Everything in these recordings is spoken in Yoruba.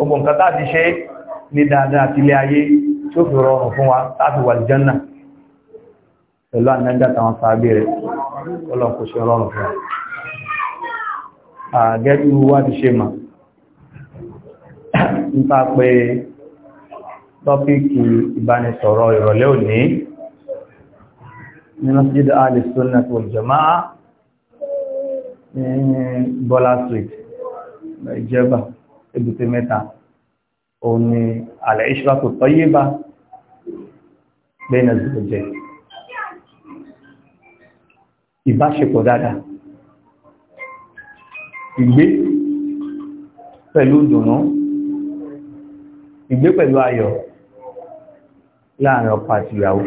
ogun nǹkan tá ti ṣe ní dáadáa ti lé ayé tí ó fi rọrùn fún wa láti wà jẹ́nà pẹ̀lú ànẹ́jà tàwọn sàábé rẹ̀ ọlọ́kù ṣe rọrùn fún wa gẹ́gẹ́ wá ti ṣe mà nípa pé tọ́píkì ìbánisọ̀rọ̀ ìrọ̀lẹ́ òní ní Masjid Ahli Sunnah wal ní Bọ́lá Street Ìjẹ̀bà ebùté mẹ́ta òun ni àlẹ́ ìṣúra tó tọ́yé bá bẹ́ẹ̀ náà zùlọ jẹ ìbáṣepọ̀ dáadáa ìgbé pẹ̀lú dùnú ìgbé pẹ̀lú ayọ̀ láàrin ọkọ àti ìyàwó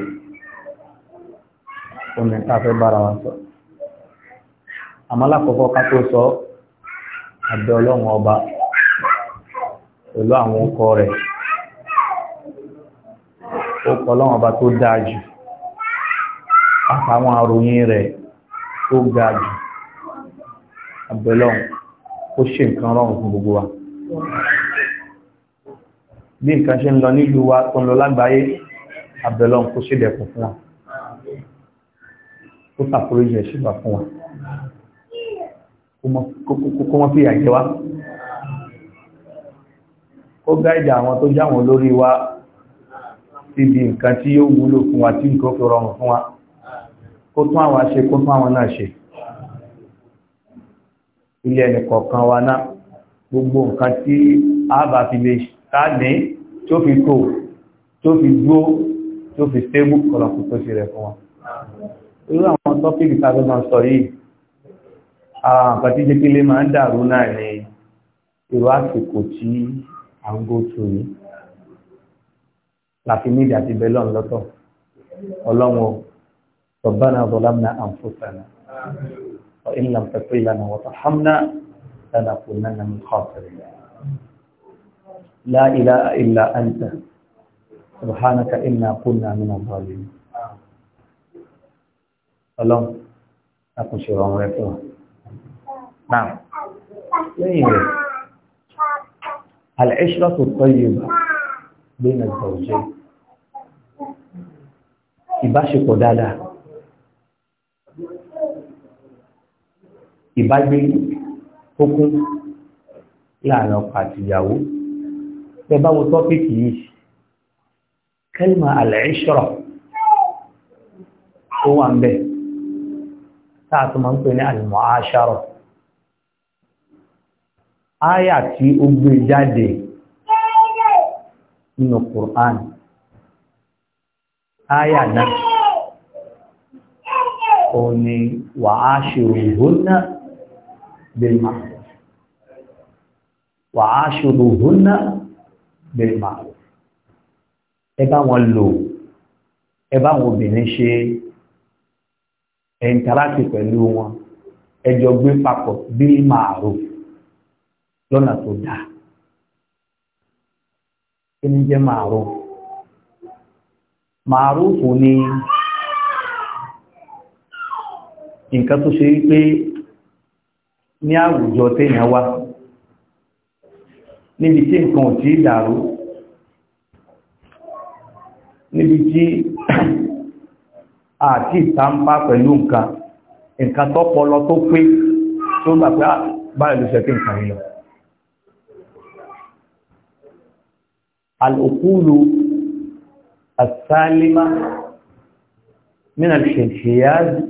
òun ni káfẹ́ bára wa sọ àmọ́ lákọ̀ọ́kọ́ ká tó sọ àbẹ́ ọlọ́run ọba pẹ̀lú àwọn ọkọ rẹ̀ ó kọ lọ́wọ́n ọba tó dáa jù àtàwọn àròyìn rẹ̀ tó ga jù abẹ́lọ́hùn ó ṣe nǹkan rọrùn fún gbogbo wa bí nǹkan ṣe ń lọ nílùú wa tó ń lọ lágbàáyé abẹ́lọ́hùn kó ṣèdẹ̀kùn fún wa kó ṣàforíjì ẹ̀ṣẹ̀ gbà fún wa kó mọ́ fi àjẹ wa ó gáìdì àwọn tó jáwọn lórí wa síbi nǹkan tí yóò wúlò fún wa tí nǹkan fi rọrùn fún wa kó tún àwọn ṣe kó tún àwọn náà ṣe ilé ẹnì kọ̀ọ̀kan wa náà gbogbo nǹkan tí a bá fi lè káàdé tó fi kò tó fi dúó tó fi stébù kọlọ̀kù tó ṣe rẹ̀ fún wa irú àwọn tọ́pìkì tàbí máa sọ yìí àwọn nǹkan tí jẹ́kílé máa ń dàrú náà ni irú àsìkò tí and go through yìí láti ní ìdí àti bẹ́lọ́n lọ́tọ̀ ọlọ́run o ربنا ظلمنا أنفسنا وإن لم تغفر لنا وترحمنا لنكونن من الخاسرين لا إله إلا أنت سبحانك إنا كنا من الظالمين ọlọ́run a kò ṣe ọ̀rọ̀ rẹ̀ fún wa náà lẹ́yìn rẹ̀ al-'ishratu at-tayyiba bayna az-zawjayn ìbáṣepọ̀ dáadáa ìbágbé kókún láàrin ọkọ àti ìyàwó tẹ bá wo tọ́pìkì yìí kẹ́lìmà al-'ishra tó wà ń bẹ̀ táà tó máa ń pè ní al-mu'ashara áyà tí ó gbé jáde nínú Qur'an áyà náà ó ní wà á ṣòro ìhóná bèèmà wà á ṣòro ìhóná bèèmà ẹ bá wọn lò ẹ bá wọn obìnrin ṣe ẹ pẹ̀lú wọn ẹ gbé papọ̀ bíi màrúf lọ́nà tó dáa kí ni jẹ́ ma'ruf ma'ruf ni nǹkan tó ṣe wípé ní àwùjọ téèyàn wá níbi tí nǹkan ò tí dàrú níbi tí àti ìtàǹpá pẹ̀lú nǹkan nǹkan tọ́pọlọ tó pé tó gbà pé ah, báyìí ló ṣe nǹkan yìí الأقول السالمة من الحيثيات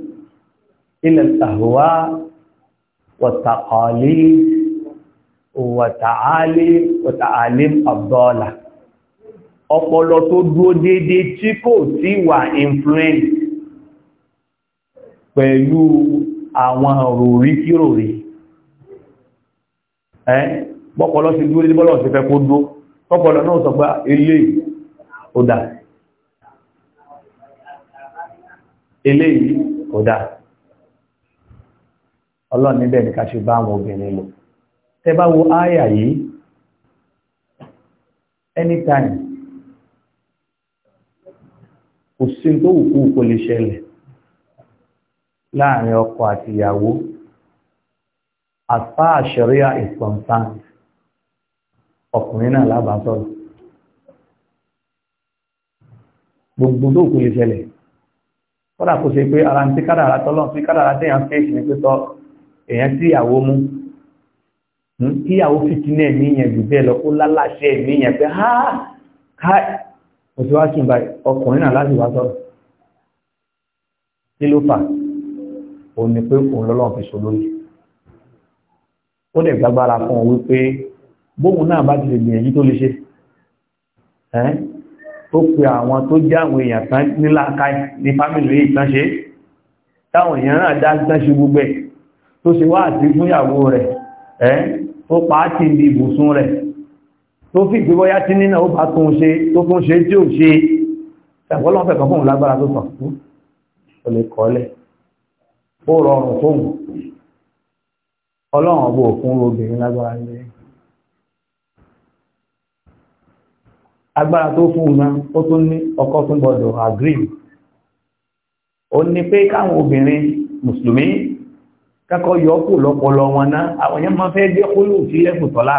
إلى الأهواء والتقاليد وتعاليم وتعاليم الضالة ọpọlọ tó dúró déédéé tí kò sí wà influence pẹ̀lú àwọn òròrí kíròrí ẹ́ bọ́pọlọ sí dúró bọ́lọ̀ sí fẹ́ kó dúró kọ́pọ̀lọ̀ náà sọ pé ilé òdà ilé òdà ọlọ́run níbẹ̀ ká ṣe bá àwọn obìnrin lò tẹ bá wo áyà yìí anytime kò sí tó wùkú kò lè ṣẹlẹ̀ láàrin ọkọ àti ìyàwó as far is ọkùnrin náà lábàá sọ̀rọ̀ gbogbo tó kù lè ṣẹlẹ̀ kódà kò ṣe pé ara ń tí kádàrá tọ́lọ́ tí kádàrá téèyàn fèsì ní pípọ́ èèyàn tí ìyàwó mú hmm? kí ìyàwó fìtínà ẹ̀mí yẹn jù bẹ́ẹ̀ lọ kó lálàṣẹ ẹ̀mí pé ha ká òtí wá sùn báyìí ọkùnrin náà láti wá sọ̀rọ̀ kí ló fà òun ni pé òun lọ́lọ́run fi ṣòlóyè ó dẹ̀ gbàgbára fún wípé bóhun náà bá ti lè gbìyànjú tó lè ṣe ẹ́ tó pe àwọn tó jẹ́ àwọn èèyàn tán ní láàkáì ní fámìlì èyí tán ṣe táwọn èèyàn náà dá tán ṣe gbogbo ẹ̀ tó ṣe wá àti fúnyàwó rẹ̀ ẹ́ tó pa á ti di ìbùsùn rẹ̀ tó fi ìgbé bọ́yá tí nínà ó bá tún ṣe tó tún ṣe tí ò ṣe ṣàpọ́lọ́fẹ̀ kan fóun lágbára tó sàn fún ó lè kọ́lẹ̀ ó rọrùn fóun ọlọ́run ọgbọ̀ òfin obìnrin lágbára nílé agbára tó fún una ó tún ní ọkọ tún gbọdọ̀ agree ó ní pé káwọn obìnrin mùsùlùmí kákọ́ yọ kù lọ́pọlọ wọn náà àwọn yẹn máa fẹ́ jẹ́ kólú sí lẹ́kùn tọ́lá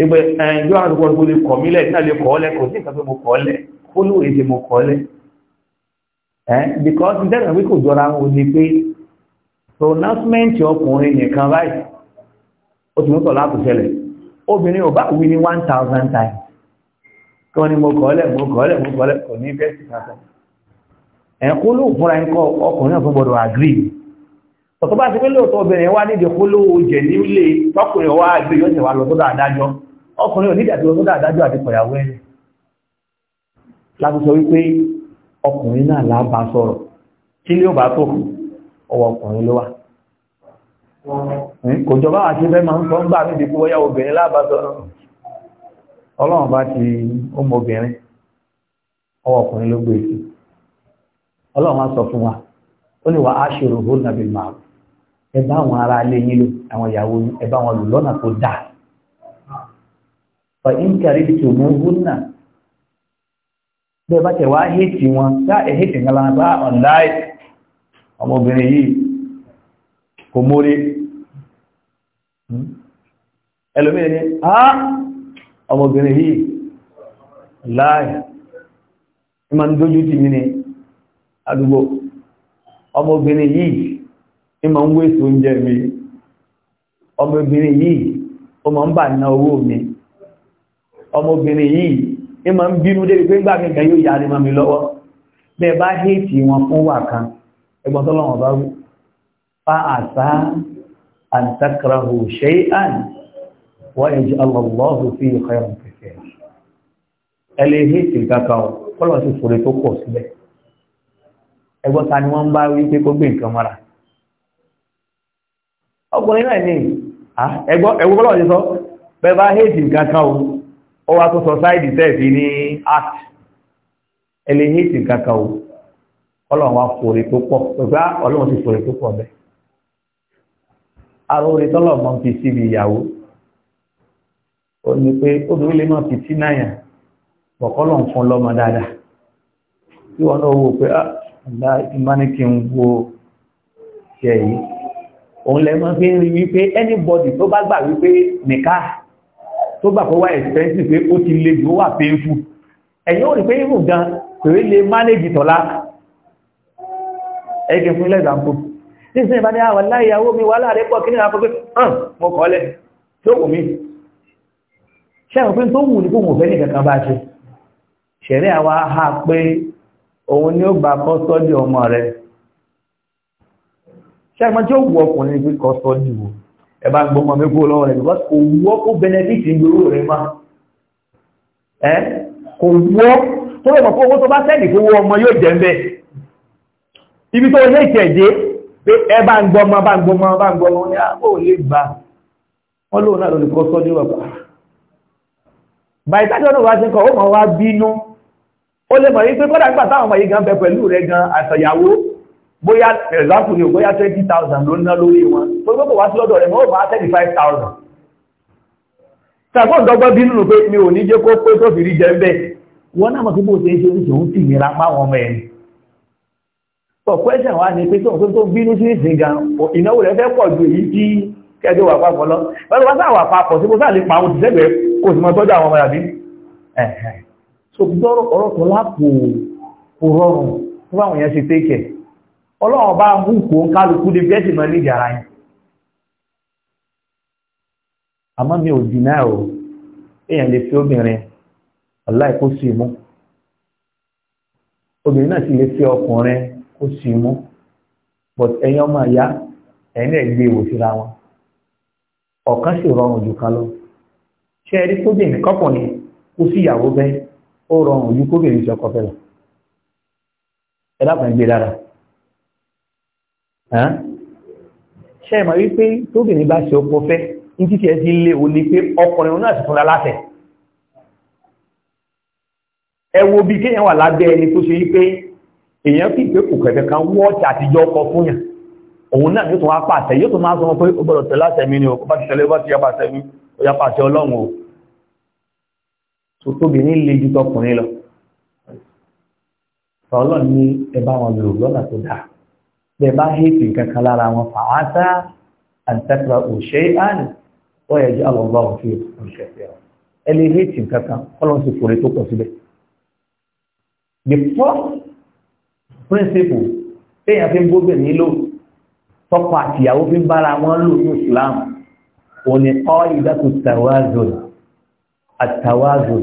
ẹgbẹ́ ẹjọ́ àdúgbò tó lè kọ̀ mílẹ̀ náà lè kọ́ lẹ́kọ̀ọ́ sí ìkàfẹ́ mo kọ́ lẹ́ kólú èdè mo kọ́ lẹ́ ẹ́ because ìdẹ́gbẹ̀ wí kò jọra wọn ni pé pronouncement ọkùnrin nìkan báyìí ó ti mú tọ́lá kò ṣẹlẹ̀ obìnrin ò bá wí ní one thousand times wọ́n ni mo kọ́lẹ̀ mo kọ́lẹ̀ mo kọ́lẹ̀ kò ní bẹ́ẹ̀ sí kankan ẹ̀kú ló fúnra ń kọ́ ọkùnrin náà fún gbọdọ̀ àgírí ọ̀tọ́ bá ti pé lóòótọ́ obìnrin wá nídìí kó ló nílé tọkùnrin wá yóò lọ sódà adájọ́ ọkùnrin ò nídìí sódà adájọ́ àti ẹ̀ láti sọ wípé ọkùnrin náà là bá sọ̀rọ̀ kí wà ọlọ́run bá ti ó mọ obìnrin ọwọ́ ọkùnrin ló gbé e sí ọlọ́run wá sọ fún wa ó ṣòro nàbí màá ẹ bá àwọn ará ilé yín lò àwọn ìyàwó yín ẹ bá wọn lò lọ́nà tó dáa ọmọbìnrin yìí láàyè ìmọ̀ ń dójú ti mi ní àdúgbò ọmọbìnrin yìí ìmọ̀ ń wéṣò oúnjẹ mi ọmọbìnrin yìí ó máa ń bà ná owó mi ọmọbìnrin yìí ìmọ̀ ń bínú débi pé gbà kankan yóò yá nímọ̀ mi lọ́wọ́ bẹ́ẹ̀ bá hẹ́ẹ̀tì wọn fún wà kan ẹgbọ́n tọ́lọ́wọ́n bá wú fa àṣà àǹtakrahu shay'an ويجعل الله فيه خيرا كثيرا ẹlẹ́hìn ìgbàgbà ọ̀ kọ́lọ̀ sí fòrè tó pọ̀ ni wọ́n bá wí kó gbé nǹkan mara. ọkùnrin ní ẹgbọ́n ọlọ́run fòrè tó pọ̀ bẹ́ẹ̀ arúgbó tọ́lọ̀ mọ́ fi síbi ìyàwó ó ní pé obìnrin lè máa fìtí náà bọ̀kọ́lọ̀ ń fún lọ́mọ dáadáa tí wọ́n náà wò pé àdá ìmánikí ń wo jẹ yìí òun lè fi ń rí wípé anybody tó bá gbà wípé nìka tó gbà kó wá expensive pé ó ti le jù ó wà painful ẹ̀yìn ò rí pé even gan pèrè lè manage tọ́lá ẹgbẹ̀ fún ilẹ̀ example nísìnyí bá ní àwọn ah, láìyàwó mi wà láàrẹ́pọ̀ kí ní àwọn akọ́gbẹ́ hàn mọ́kànlẹ̀ tó wù mí ṣẹ́rùn pé tó wù ní kò mọ̀ fẹ́ nìkankan bá ṣe ṣẹ̀rẹ́ àwa ha pé òun ni ó gba kọ́sọ́dì ọmọ rẹ̀ ṣẹ́gbọ́n tí ó wù ọkùnrin ní kọ́sọ́dì wò ẹ bá gbọ́ ọmọ mi kó lọ́wọ́ rẹ̀ because kò wù ọ́ kó benefit ìgbéró rẹ̀ má ẹ́ kò wù ọ́ tó lè mọ̀ pé owó tó bá sẹ́ẹ̀lì kó wọ ọmọ yóò jẹ́ ń bẹ́ ibi tó lè tẹ̀dé pé ẹ bá ń gbọ́ ọmọ bá ń gbọ́ ọmọ bá ń gbọ́ ọmọ ní àbò ah, lè gbà wọ́n lóun náà lórí kọ́sọ́dì wà pàà báyìí tájọ́ náà wá sí nǹkan ó mọ̀ wá bínú ó lè mọ̀ yí pé kọ́dà nígbà táwọn ọmọ yìí gan bẹ pẹ̀lú rẹ gan àtọ̀yàwó bóyá ẹ̀záàpù eh, ni ò bóyá twenty thousand ló ná lórí wọn tó gbogbo wá sí lọ́dọ̀ rẹ̀ mọ́ máa thirty five thousand. sàgbọ́n dọ́gbọ́n bínú nù pé mi ò ní jẹ́ kó pé tó fi rí jẹ bẹ́ẹ̀ wọ́n náà mọ̀ pé bó ṣe ń ṣe oúnjẹ òun sì nira páwọn ọmọ ẹ̀ pọ̀ pẹ́sẹ̀ wá ní pé tó tó tó bínú sí ìsìn gan ìnáwó rẹ̀ fẹ́ pọ̀ ju èyí tí kẹjọ wà papọ̀ lọ kò sì mọ́ tọ́jú àwọn ọmọ yàbí ẹ̀hẹ̀ so dọ́rọ̀ ọ̀rọ̀ tó lápò kò rọrùn tó bá wọ̀nyẹn ṣe tẹ́kẹ̀ ọlọ́run bá mú kó ń kálukú dé bí ní ìjà ara yẹn àmọ́ mi ò o èèyàn lè fi obìnrin ọ̀láì kó sì mú obìnrin náà sì lè fi ọkùnrin kó sì but ẹ̀yin ọmọ ìyá ẹ̀yin gbé ìwòsíra wọn ọ̀kan sì rọrùn jù kan ṣe rí kóbìnrin kọ́kùnrin kó sí ìyàwó bẹ́ ó rọrùn ju kóbìnrin sí ọkọ fẹ́ lọ ẹ dákùnrin gbé dára ṣe mọ̀ wípé tóbìnrin bá ṣe ọkọ fẹ́ ní títí ẹ ti lé o ní pé ọkùnrin náà ti fúnra láṣẹ ẹ wo bí kéèyàn wà lábẹ́ ẹni tó ṣe wípé èèyàn fi ìpé kò kẹ̀kẹ́ kan wọ́ọ̀tì àtijọ́ ọkọ fún yàn òun náà yóò tún wá pàṣẹ yóò tún máa sọ pé ó gbọ́dọ̀ tẹ̀lé àṣẹ mi ni ó bá ti tẹ̀lé ó bá ti yá pàṣẹ mi ó yá pàṣẹ ọlọ́run o sotóbìnrin le ju tọkùnrin lọ tọ́lọ́ ní ẹ bá wọn lò lọ́nà tó dáa bẹ́ẹ̀ bá hẹ́ẹ̀tì kankan lára wọn fàáta àtẹ́kọ̀ọ́ òṣè àná ó yẹ jẹ́ àlọ́gbà òfin òṣè fẹ́ràn ẹ lè hẹ́ẹ̀tì kankan ọlọ́run sì fòrè tó pọ̀ síbẹ̀. the first principle téèyàn fi ń bóbìnrin lò tọkọ àtìyàwó fi ń bára wọn lò ní Islam òní ọ́ ìdákùtàwázùn àtàwázùn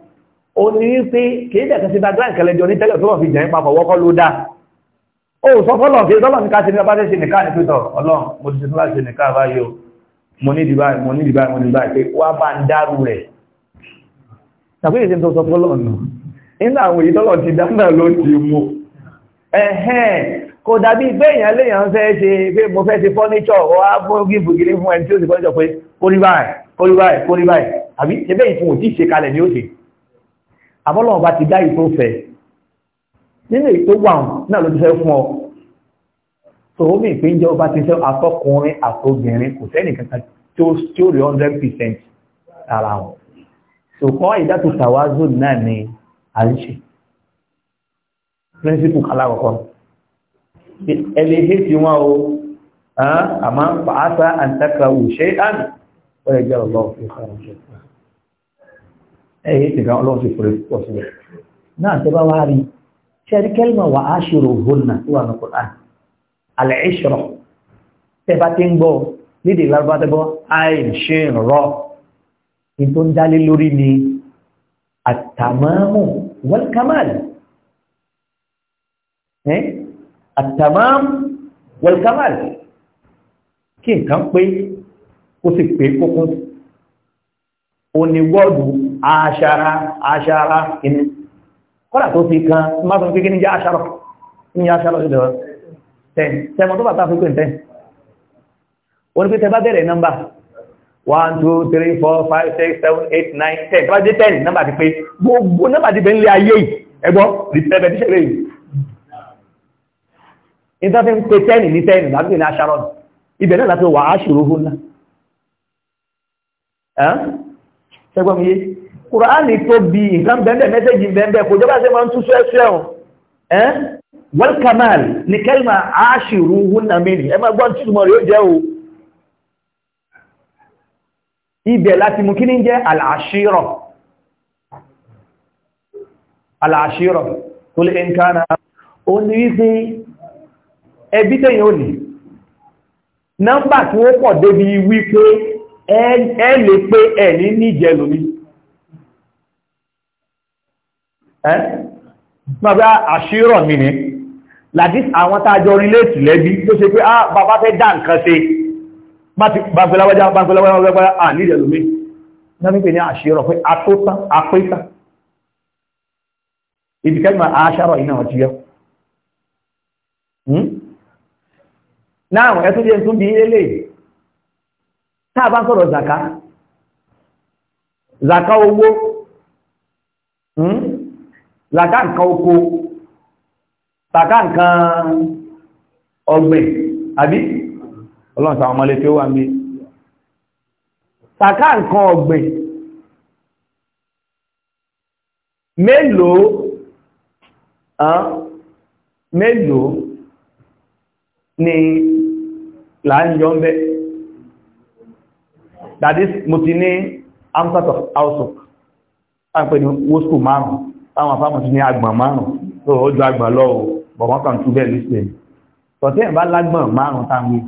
ó ní pé kìí dẹ̀ kẹsí background kẹlẹ́jọ ní tẹ́lẹ̀ tọ́lọ̀ fi jẹ́ papọ̀ wọ́kọ́ ló dá ó sọ fọ́lọ̀ kí tọ́lọ̀ fi ká sí ní ọba tẹ́sí nìkan ní pẹ́tọ̀ ọlọ́run mo ti tún láti nìkan báyìí o mo ní ìdìbà mo ní ìdìbà mo ní ìdìbà pé wá bá ń dárú rẹ̀ tàbí ìṣẹ́ tó sọ fọ́lọ̀ nù nínú àwọn èyí tọ́lọ̀ ti dáná ló ti mú ẹ̀hẹ́n kò dàbí pé èèyàn léèyàn fẹ́ ṣe pé mo fẹ́ ṣe fọ́níṣọ̀ wá fún gíbùgírí fún ẹni tí ó sì fọ́níṣọ̀ pé kórí báyìí kórí báyìí kórí báyìí àbí ṣe bẹ́ẹ̀ ìfún òtí ṣe kalẹ̀ ni ó ṣe àbọ́lọ̀ ọba ti dáyì tó fẹ́ nínú èyí tó wà náà ló ti fẹ́ fún ọ tòómì ìpínjẹ ọba ti fẹ́ àtọkùnrin àtobìnrin kò sẹ́nì kankan tí ó rí 100% ara wọn ṣùkọ́ ìdátò tàwázò náà ni à ń ṣe píríncípù alákọ̀ọ́kọ́ ẹni hé ti wọ́n o àmọ́ pàásá àǹtakà òṣèlú ọ̀rẹ́jọ́ ọlọ́ọ̀fẹ́ kọ́rọ̀ ṣẹ́kọ̀ọ́ ẹ̀yẹ ti gan ọlọ́run sì fòrè pọ̀ síbẹ̀ náà tẹ́ bá wá rí ṣẹ́rí kẹ́lìmọ̀ wà á ṣòro hona tó wà ní Qur'an alẹ́ ìṣọ̀rọ̀ tẹ́ bá ti ń gbọ́ nídìí lárúbá tẹ́ bọ́ àìn ṣe ń ní tó ń dálé lórí ni àtàmámù wal kamal àtàmámù wal pé kó sì pé kókó ó ní wọ́ọ̀dù aṣára aṣára inú kọ́lá tó fi kan má sọ pé kí ní jẹ́ aṣára ní aṣára ìlọ tẹ́n tẹ́mọ̀ tó bàtà fíkún tẹ́n wọ́n ni pé tẹ́bá bẹ̀rẹ̀ nọ́mbà 1 2 3 4 5 6 7 8 9 10 tẹ́bá dé 10 nọ́mbà ti pé gbogbo nọ́mbà ti bẹ̀ ń lé ayé ẹgbọ́ repetition rate ìtọ́fẹ́ ń pe 10 ní 10 lábí ní aṣára ibẹ̀ kùránì tó bí nǹkan bẹ́ẹ̀ mẹ́sẹ̀jì bẹ́ẹ̀ kò jọba ṣe máa ń tú sẹ́sẹ́ ọ̀ ẹ́ wọ́lkàmáàlì ní kẹ́lìmà áṣìrú húnnàmínì ẹ máa gbọ́n túnmọ̀ rí ó jẹ́ o ibẹ̀ láti mú kí ní jẹ́ àlàáṣírọ̀ àlàáṣírọ̀ tó lè ń kára ó ní wípé ẹbí tẹ́yìn ò ní nọ́mbà tí wọ́n pọ̀ débi wípé ẹ lè pé ẹ̀ ní ẹ́ máa bá àṣírọ̀ mi ní láti àwọn tààjọ orílẹ̀-èdè lẹ́bí tó ṣe pé á ah, bàbá fẹ́ dá nǹkan ṣe báńkọ́láwájá báńkọ́láwájá à ah, nílẹ̀ lómi náà nípe ní àṣírọ̀ pé atótán apéta ibìkẹ́gbà àṣàrọ̀ iná ọ̀tí yọ hmm? náà ẹ̀tún jẹ́ tún bí ilé táà bá sọ̀rọ̀ zaka zaka owó hmm? làdá nǹkan oko tàdá nǹkan ọgbẹ̀ àbí ọlọ́run sàwọn ọmọlé tí ó wà ní tàdá nǹkan ọgbẹ̀ mélòó mélòó ni láàájọ́ ń bẹ́ that is mo ti ní amsat of house of àpẹẹni wosco márùn-ún táwọn afámọ̀ sí ní agbọ̀n márùn tó ó ju agbọ̀n lọ bọ̀ wọ́n kàn tún bẹ́ẹ̀ lóṣèlú tọ̀tẹ́ ìbá lágbọ̀n márùn táwọn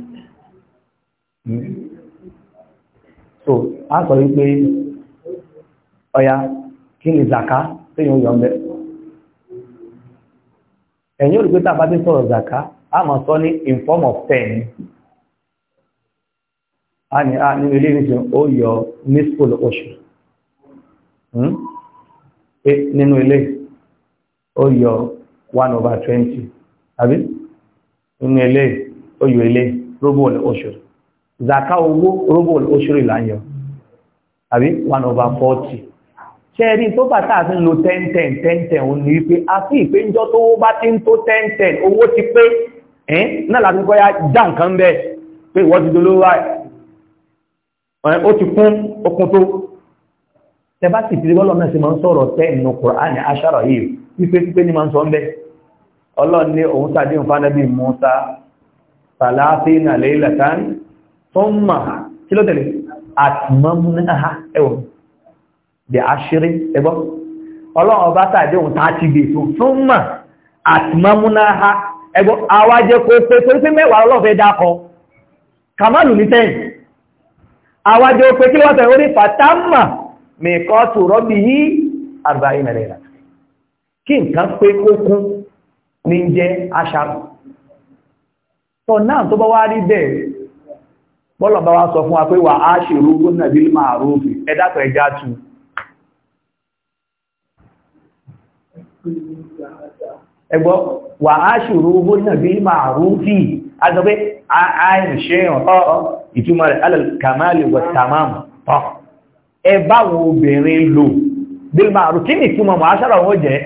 so a sọ wípé ọya kí ni zaka téèyàn yọ ọmọdé ẹ̀yìn olùgbé tá a bá sọ̀rọ̀ zaka a mọ̀ sọ ní in form of ten a ní a nínú ilé ìrìnsìn ó yọ nísìkò lóṣù hmm? pé nínú ilé ó yọ one over twenty àbí nínú ilé ó yọ ilé rúbùl oṣùrì zaka owó rúbùl oṣùrì là yọ àbí one over forty ṣẹ́ẹ̀rí tó bá tàà sí lo ten ten ten ten òun ní wípé a fi ìpéjọ́ tó bá ti ń tó ten ten owó ti pé ẹ́ náà láti kọ́ ya já nǹkan bẹ́ẹ̀ pé ìwọ́n ti dolówó ó ti kún okun tó tẹ́bá sì fi bọ́lọ̀ náà sí máa ń sọ̀rọ̀ tẹ́ ìnú kùránì aṣára yìí wípé pípé ní máa ń sọ ń bẹ́ ọlọ́run ní òun sàdé ìfánàbí Musa sàláfínà lẹ́lẹ̀tán tó ń mà kí ló tẹ̀lé àtìmọ́múnáhá ẹ̀wọ̀n di aṣírí ẹgbọ́ ọlọ́run ọba sàdé òun tààtì gbè fún tó kí ló orí fàtámà mẹ́kọ́tù rọ́bì yìí àgbà ìmẹ̀rẹ̀ ìlà kí nǹkan pé kókún ní jẹ́ aṣàrù tọ́ náà tó bá wá rí bẹ́ẹ̀ bọ́lọ̀ bá wá sọ fún wa pé wà á ṣèrú gómìnà bí máa rúfì ẹ̀dàpọ̀ ẹja tu ẹgbọ́ wà á ṣèrú máa rúfì ẹ báwọn obìnrin lò bí máa rò kí ní ìtumọ̀ mọ̀ aṣára wọ́n jẹ́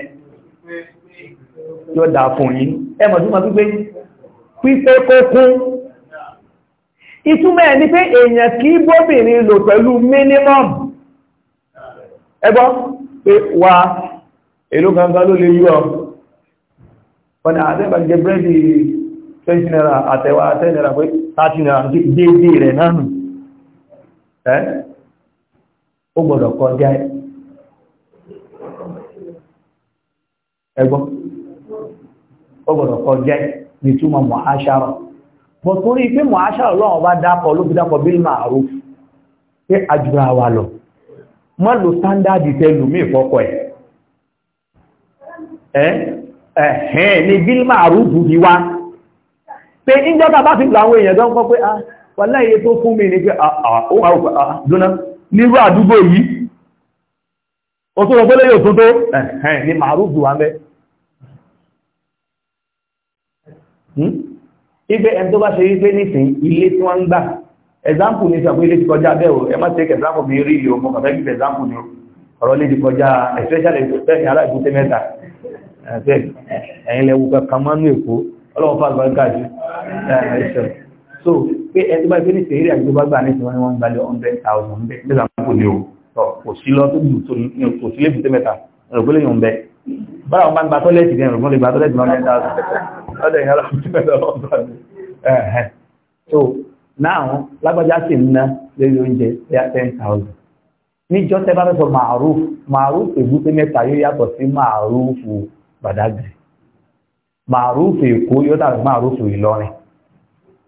yóò dà fún yín ẹ mọ̀ túnmọ̀ pípé pípé kókún ìtumọ̀ ẹ̀ ní pé èèyàn kí bóbìnrin lò pẹ̀lú minimum ẹgbọ́ pé wà èlò gangan ló lè yọ ọ̀nà àtẹ́bàjẹ́ bírẹ́dì 20 naira àtẹ́wà 10 naira pé 30 naira déédéé rẹ̀ ó gbọdọ kọjá ẹgbọ́ ó gbọdọ kọjá torí pé bá dápọ̀ ló fi dápọ̀ pé àjùrà lọ lo sáńdáàdì ẹ̀hẹ́n ni wá pé ìjọba bá fi gbà àwọn èèyàn tó ń kọ́ pé ah, wà láyé tó fún mi ní pé ah, ah, ó wà ó nírú àdúgbò yìí o tó rọgbọ́lé yóò tó tó ẹ̀hẹ́n ni màárùfù wà mẹ́ hmm? ife ẹni tó bá ṣe wípé nìsín ilé tí wọ́n ń gbà ẹ̀zámpù ní sàpé ilé ti kọjá bẹ́ẹ̀ o ẹ má tẹ́kẹ̀ ẹ̀zámpù mi rí ìlú ọmọ kàfẹ́ gbígbẹ̀ ẹ̀zámpù ni ọ̀rọ̀ lè ti kọjá especially ìfẹ́sìn ará ìfúté mẹ́ta ẹ̀yìn lẹ́wù kankan mánú èkó ọlọ́wọ́ fà lọ́gbàjú ẹ̀ẹ́sẹ̀ so pé ẹni bá ṣe ní sèérì àti tó bá gbà ní ìsinmi wọn gba lé hundred thousand bẹ́ẹ̀ nígbà tó kò ní o tọ kò sí lọ tó dùn tó ní kò sí lé bùtẹ́ mẹ́ta ọ̀rọ̀ yóò ń bẹ bára wọn bá ń gba tọ́lẹ̀tì ní ọ̀rọ̀ gba tọ́lẹ̀tì ní hundred thousand so now lágbájá sì ń ná lórí oúnjẹ ẹ̀yà ten thousand níjọ́ tẹ́ bá fẹ́ sọ màrúfù màrúfù èbúté mẹ́ta yóò yàtọ̀ sí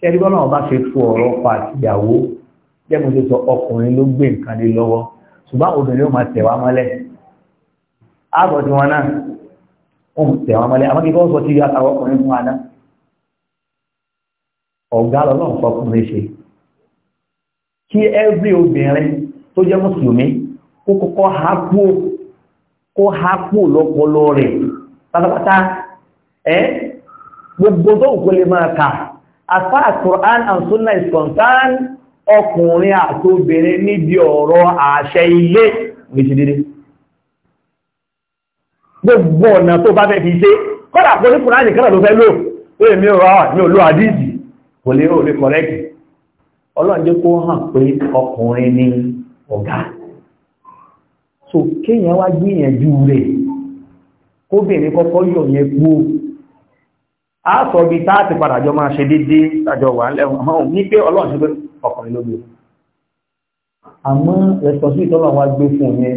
kẹrí bọ́lá wọn bá ṣe fún ọ̀rọ̀ pa àtìyàwó jẹ́mu tó sọ ọkùnrin ló gbé nǹkan lé lọ́wọ́ ṣùgbọ́n obìnrin ó máa tẹ̀ wá mọ́lẹ̀ ààbọ̀ tí wọn náà ó tẹ̀ wá mọ́lẹ̀ àmọ́ kíkọ́ sọ ti yá àtàwọn ọkùnrin fún adá ọ̀gá lọ́lọ́run fọkùnrin ṣe kí every obìnrin tó jẹ́ mùsùlùmí kó kọ́kọ́ há kú kó há kú lọ́pọlọ rẹ̀ pátápátá ẹ gbogbo tó kò as far as Quran and Sunnah is concerned ọkùnrin àtòbìnrin níbi ọ̀rọ̀ àṣẹ ilé ìṣìdìdì gbogbo ọ̀nà tó bá fẹ́ fi ṣe kọ́dà pọ̀ ní Quran nìkan ló fẹ́ lò ó èmi ọ̀rọ̀ mi ò lò àdíjì kò lè rò lè kọ̀rẹ́kì ọlọ́njẹ́ kó hàn pé ọkùnrin ni ọ̀gá so kéèyàn wá gbìyànjú rẹ̀ kóbìnrin kọ́kọ́ yọ̀ yẹn kú a sọ bí táàtì padà jọ máa ṣe dédé tàjọ wà lẹ́wọ̀n àmọ́ òun ní pé ọlọ́run ṣe pé ọkùnrin ló àmọ́ responsibility ọlọ́run wá gbé fún yẹn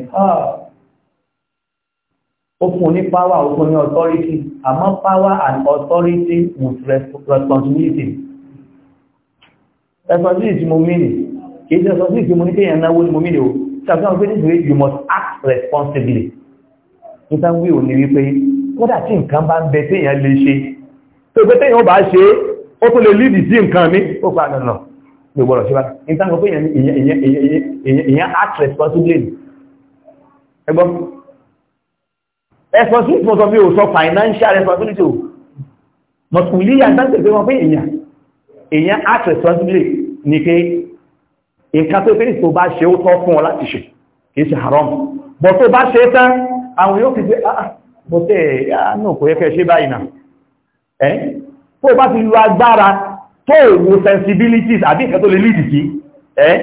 ó fún ní power ó fún ní authority àmọ́ power and authority with responsibility responsibility tí mo mìíràn kì ṣe responsibility tí mo ní kéèyàn náwó ni mo mìíràn o ṣàfihàn pé you must act responsibly nítorí wíwò ni wípé kódà tí nǹkan bá ń bẹ téèyàn tó pé téèyàn bá ṣe ó tún lè lídì sí nǹkan mi ó pa àdànà gbogbo ọ̀rọ̀ ṣe bá ní táwọn pé èèyàn act responsibly ẹgbọ́n responsibility mo sọ pé o sọ financial responsibility o mọ̀túnlí àtàntẹ̀ pé wọ́n pé èèyàn èèyàn act responsibly ni pé nǹkan tó pé tó bá ṣe ó tọ́ fún ọ láti ṣe kìí ṣe haram bọ̀ tó bá ṣe tán àwọn yóò fi pé ah bọ́tẹ̀ ah, ah náà kò yẹ kẹ́ ṣe báyìí náà ẹ́ tó bá ti lo agbára tó wo sensibilities àbí ìkẹ́ tó lè lead sí ẹ́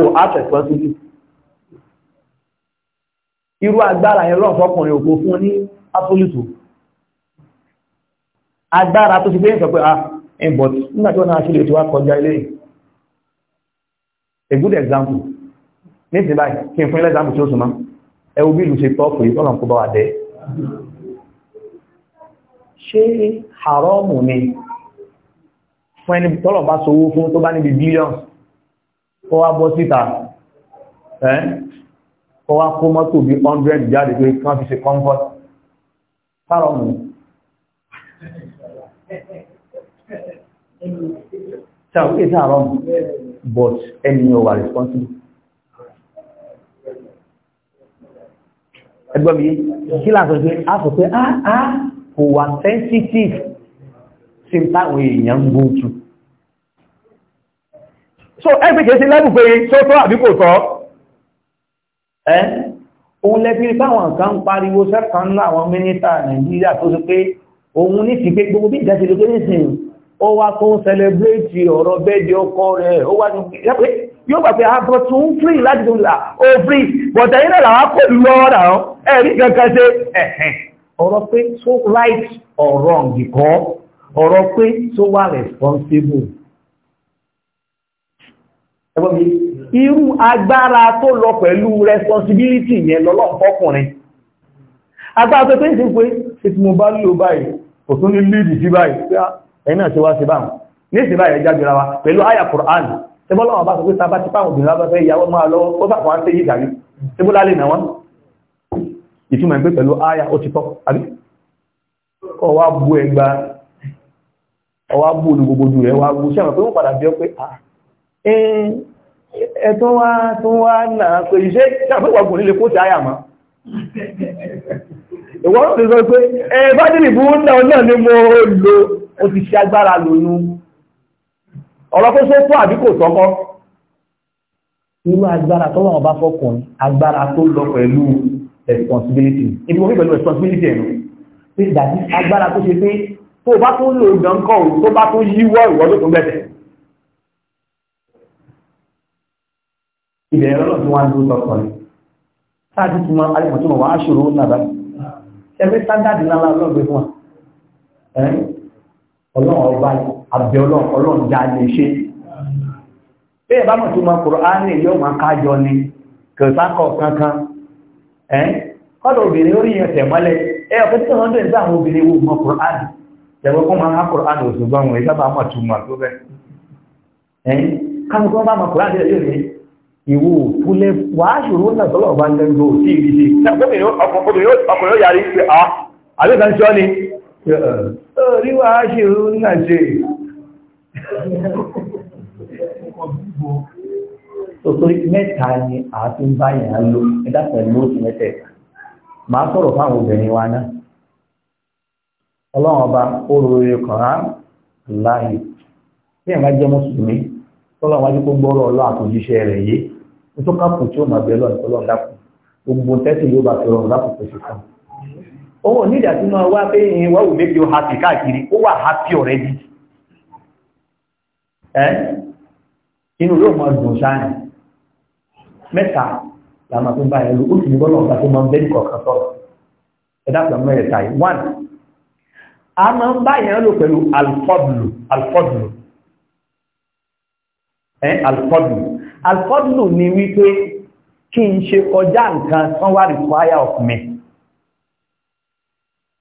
o ask responsibility irú agbára yẹn lọ́n fọ́kùnrin òkú fún ní absolute agbára tó ti gbé ìfẹ́ pé a ah, ẹ̀bọ̀t eh, nígbàtí wọ́n náà ṣe lè tí wá kọjá ilé a good example ní ti báyìí kí n fún ilé example tí ó súnmọ́ ẹwú bí ìlú ṣe tọ́ pé ọlọ́n kó bá wà dẹ́ ṣé haramu ni fún ẹni tọ́lọ̀ bá sowó fún tó bá níbi billion kó wá bọ́ síta ẹ́ kó wá kó mọ́tò bí 100 jáde pé kán fi ṣe comfort haramu ṣàwọn èsì haramu but ẹni ò wà responsible ẹgbọ́n mi kí láàrín pé a sọ pé a ah, ah, kò wà sensitive sí táwọn èèyàn ń gún jù so ẹgbẹ̀kẹ́ sí lẹ́bù pé sọ́tọ́ àbí kò tọ́ ẹ́ òun lẹ́bí rí báwọn kan ń pariwo sẹ́kàn náà àwọn mínísà nàìjíríà tó sọ pé òun ní ti pé gbogbo bí ìjásí ló pé nísìn ó wá tó ń sẹlẹ̀bírẹ́tì ọ̀rọ̀ bẹ́ẹ̀dì ọkọ rẹ̀ ó wá yóò gbà pé àbọ̀ tó ń fírí láti tó là ó fírí bọ̀tẹ̀ yìí náà wàá kó lọ́ọ̀rà ẹ̀rí kankan ṣe ọ̀rọ̀ pé so right or wrong kọ́ ọ̀rọ̀ pé tó wà responsible ẹgbọ́n mi irú agbára tó lọ pẹ̀lú responsibility yẹn lọ́lọ́ fọ́kùnrin agbára tó pé sí pé ṣe tí mo bá lò báyìí kò tún ní lídì sí báyìí pé ah, ẹ̀yìn náà ṣe wá sí báyìí ní ìsìn báyìí ẹjá jọra wa pẹ̀lú àyà Qur'an tẹ́bọ́ lọ́wọ́ bá sọ pé sábà ti páwọn obìnrin ọwá bú ní gbogbo ojú rẹ̀ wá bú sẹ́wọ̀n pé wọ́n padà bí ọ pé ẹ̀tún wá tún wá náà pé iṣẹ́ ìṣàfihàn nílé kó ti àyà mọ́ ìwọ́n ti sọ pé ẹ bá dìrì bú náà náà ni mo lo o ti ṣe agbára lóyún ọ̀rọ̀ pé só tó àbí kò tọ́kọ́ irú agbára tó wọ́n bá fọkùnrin agbára tó lọ pẹ̀lú responsibility ibi mo rí responsibility ẹ̀nu pé dàbí agbára tó ṣe tó bá tún lò tó bá yíwọ́ ìwọ́ tó ẹ̀rọ tí wọ́n ń dúró tí wọ́n alẹ́ mọ̀tún wọ́n á ṣòro ẹgbẹ́ sáńdáàdì náà lọ́gbẹ́ fún wa ọlọ́run ọba àbẹ̀ ọlọ́run ọlọ́run já lè ṣe mọ̀tún wọn kájọ ni kankan kọ́dọ̀ obìnrin yẹn tẹ̀ mọ́lẹ̀ ẹ̀ ẹ̀rọ kó máa ń hákùrù àdùn òṣùgbọ́n àwọn ìsábà mọ̀ túmọ̀ tó bẹ́ẹ̀ ẹ̀yìn káwọn tó bá mọ̀ kùrù àdùn yóò rí ìwò fúlẹ̀ wàá ṣòro náà tọ́lọ̀ bá ń lẹ́nu sí ibi sí ọkùnrin yóò yàrí pé à àbẹ́ta ń ṣọ́ ni rí wàá ṣòro náà ṣe torí mẹ́ta ni àá tún báyìí á lò ẹ̀dá pẹ̀lú oṣù mẹ́tẹ̀ẹ̀ta máa sọ̀rọ̀ fáwọn obìnrin wa náà ọlọ́run ọba ó ròyìn kọ̀ọ̀rán láàyè bí ẹ̀ bá jẹ́ mùsùlùmí tọ́lọ́ wájú kó gbọ́rọ̀ ọlọ́run àtòjíṣẹ́ rẹ̀ yé ó tó kápò tí ó máa bẹ lọ́nà ọlọ́run dákù gbogbo tẹ́sí yóò bá fi rọrùn lápò kò sí kan. owó nídìí àti máa wá pé ìyẹn wá wò méjì ó happy káàkiri ó wà happy already. ẹ inú yóò máa dùn sáyẹn mẹ́ta làwọn àti bá yẹn lu ó sì ní bọ́lọ̀ ọ̀gá tó máa ń bẹ́ẹ̀ kọ̀ọ̀kan sọ̀rọ̀ ẹ dákun mẹ́rẹ̀ẹ́ta yìí one a máa ń bá yẹn lò pẹ̀lú alfọ́dùlù alfọ́dùlù ẹ́ alfọ́dùlù alfọ́dùlù ni wípé kí n ṣe kọjá nǹkan tán wà require of me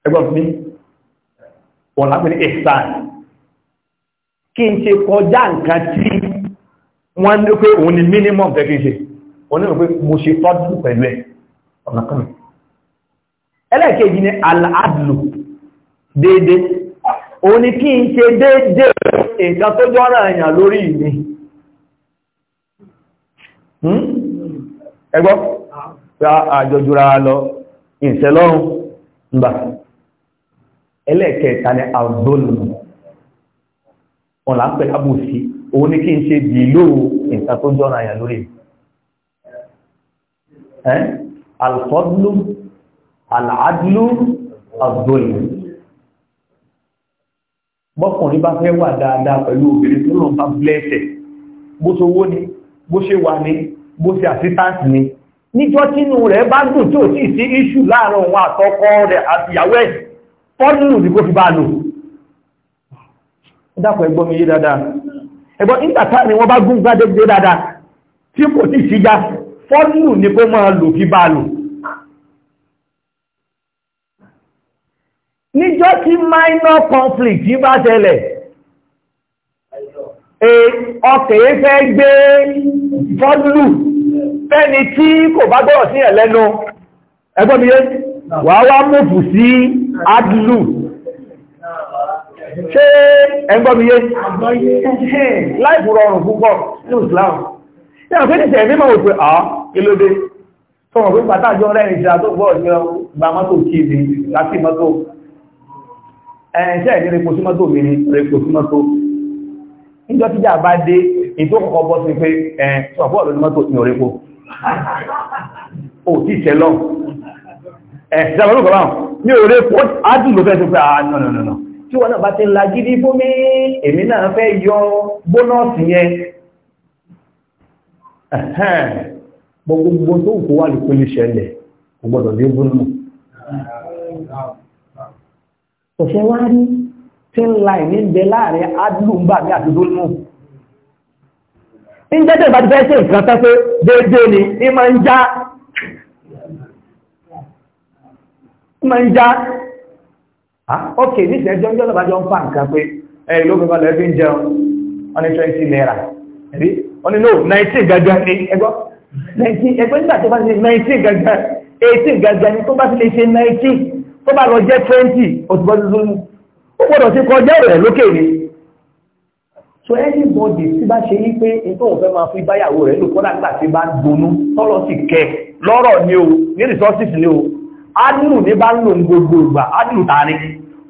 ẹgbọ́n mi wọ́n lápẹ́ ní ihsan kí n ṣe kọjá nǹkan tí wọ́n ní pé òun ni minimum fẹ́ kí n ṣe òun ní pé mo ṣe fọ́dùlù pẹ̀lú ẹ̀ ọ̀nà kan ẹlẹ́ẹ̀kejì ni aláàdùlù déédé òun ni kí n ṣe déédé nǹkan tó jọ́nà èèyàn lórí mi hmm? ẹgbọ́ pé àjọjúra lọ ìṣẹ́lọ́run gbà ẹlẹ́ẹ̀kẹta ni àzọ́lùmù wọn là ń pẹ̀lú òun ni n ṣe tó èèyàn lórí bọ́kùnrin bá fẹ́ wà dáadáa pẹ̀lú obìnrin tó lọ bá blẹ́ẹ̀tẹ̀ bó ṣe owó ni bó ṣe wà ní bó ṣe àsítáǹsì ni níjọ́ tínú rẹ̀ bá dùn tí ò sí sí iṣù láàrin òun àtọkọ rẹ̀ àti ìyàwó ẹ̀ fọ́nù ní kó fi bá lò dápọ̀ ẹgbọ́n mi yé dáadáa ẹgbọ́n nígbàtá ni wọ́n bá gún gbádẹ́gbẹ́ dáadáa tí kò sí níjọ́ tí minor conflict bá ṣẹlẹ̀ e, ọkẹ̀ fẹ́ gbé fọ́dúlù fẹ́ni tí kò bá gbọ́rọ̀ sí ẹ̀lẹ́nu ẹgbọ́n mi yé wà wá múfù sí adúlù ṣé ẹgbọ́n mi yé láìpù rọrùn púpọ̀ ní Islam ní àwọn fẹ́ni tẹ̀ẹ̀fẹ́ mọ̀ pé àá ah, kílódé fọ́nà pé pàtàjọ́ rẹ̀ ìṣẹ́ àtọ́gbọ́ ìgbà mọ́tò kí ẹ̀ṣẹ́ ìní repo sí mọ́tò mi ni repo sí mọ́tò níjọ́ tíjà bá dé ètò kọ̀kọ́ bọ́ sí pé ẹ̀ sọ̀pọ̀ lórí mọ́tò ní orepo ò tí ṣẹlọ ẹ̀ṣẹ́lọ́rọ̀ kọ̀ọ̀rọ̀ ní orepo ádùn ló fẹ́ sí pé àà nà nà nà tí wọ́n náà bá ti lagídí fún mi èmi náà fẹ́ yọ bónọ́ọ̀sì yẹn gbogbo tó kó wà lè kó lè ṣẹlẹ̀ kò ọ̀ṣẹ́ wá rí tí ń la ìní ń bẹ láàrin adúlù ń bà ní àdúgbò mú ń jẹ́jẹ́ ìbá ti fẹ́ ṣe nǹkan tẹ́ pé déédé ni ní máa ń já máa ń já ah, ok nísìnyẹ́ jọ ń jọ́ jọ ń fa nǹkan pé ẹ ìlú mi balẹ̀ ń jẹun wọ́n ní twenty naira ẹ̀rí wọ́n ní no nineteen gangan ni ẹgbọ́ nineteen ẹgbẹ́ nígbà tó bá ti ṣe nineteen gangan eighteen gangan ni tó bá ti lè ṣe nineteen tó bá lọ jẹ́ 20 òtùbọ́ sí zulmù ó gbọ́dọ̀ sí kọjá rẹ̀ lókè ní so anybody tí bá ṣe yípe ètò òfẹ́ máa fi báyàwó rẹ̀ lò kọ́dà nígbà tí bá ń gbónú tọ́lọ sì kẹ lọ́rọ̀ ni o ní resources ni o adùn ní bá ń lò ní gbogbo ìgbà adùn tààrí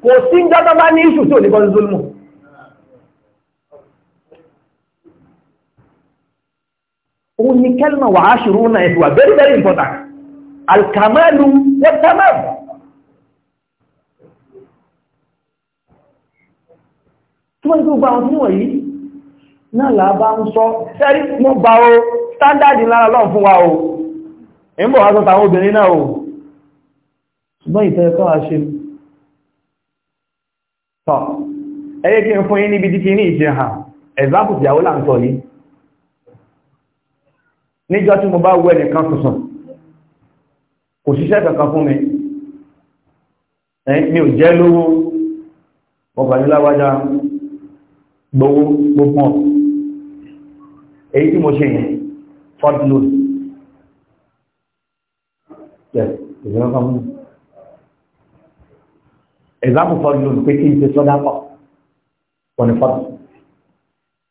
kò sí ń jọ́tọ́ bá ní ìṣù tí ò ní bọ́ sí zulmù òun ni kẹ́lìmọ̀ very very important alkamalu wọ́n tẹ́mẹ̀rù tó wọ́n tó gba àwọn tí wọ̀nyí náà làbá ń sọ sẹ́rí mú gba o standardi lára lọ́n fún wa o ń bọ̀ wá sọ tàwọn obìnrin náà o ṣùgbọ́n ìfẹ́ ẹ̀kọ́ àṣẹ tọ́ ẹyẹ kí n fún yín níbi títí ní ìṣe hàn example ìyàwó là yìí níjọ́ tí mo bá wọ ẹnìkan tuntun kò ṣiṣẹ́ kankan fún mi mi ò jẹ́ lówó ọgbàdúláwájá gbowó gbogbo èyí tí mo ṣe yẹn ford loan yes ìjọba kan mú ford loan pé kí n ṣe sọdá pọ wọn ni ford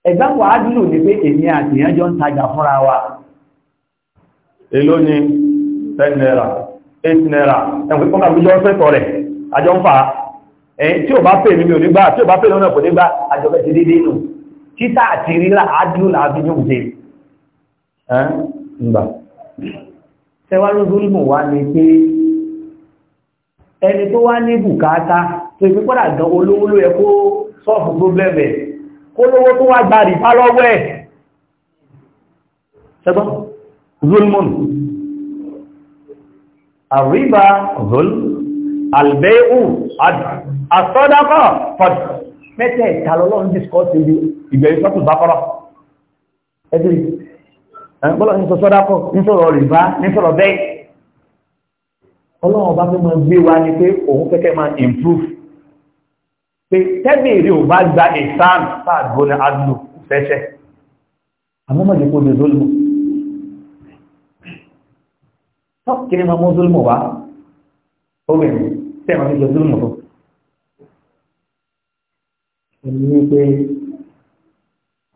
example adúlù ni pé èmi àti ìyẹn jọ ń tajà fúnra wa èló ni ten naira eight naira ẹ̀wọ̀n ìpọ́nkà mi jọ ń fẹ́tọ̀ rẹ̀ àjọ ń fà á ẹ̀yìn tí ò bá pè mí ò ní gbá tí ò bá pè lọ́nà kò ní gbá àjọ̀bẹ̀ ti dédé nù títà àti ríra àádìó làábí ní òde ǹgbà tẹwàá lóòrùn wá ní pé ẹni tó wá ní bùkátà tó ìpín pọ́dà gan olówó ló yẹ kó sọ́ọ̀fù problem ẹ̀ kó lówó tó wá gba rìpá lọ́wọ́ ad àsọ́dákọ̀ fọ̀dù mẹ́tẹ̀ ìtàlọ́lọ́run discourse ibi ìgbẹ̀rẹ̀ sọ́tù bákọ́rọ̀ ẹ̀dì ẹ̀gbọ́lọ̀ ní sọ́dákọ̀ nítorọ̀ rìbá nítorọ̀ bẹ́ẹ̀ ọlọ́run bá fẹ́ máa gbé wa ni pé òun fẹ́kẹ́ máa improve pé tẹ́bìrì ò bá gba ìsáàm sáàgbó ní adùn fẹ́ṣẹ́ àmọ́ mọ̀ jẹ́kọ́ ní zulmù tọ́kì ni máa mú zulmù wá ó wẹ̀ tẹ́ máa fi jẹ zulmù tó ní pé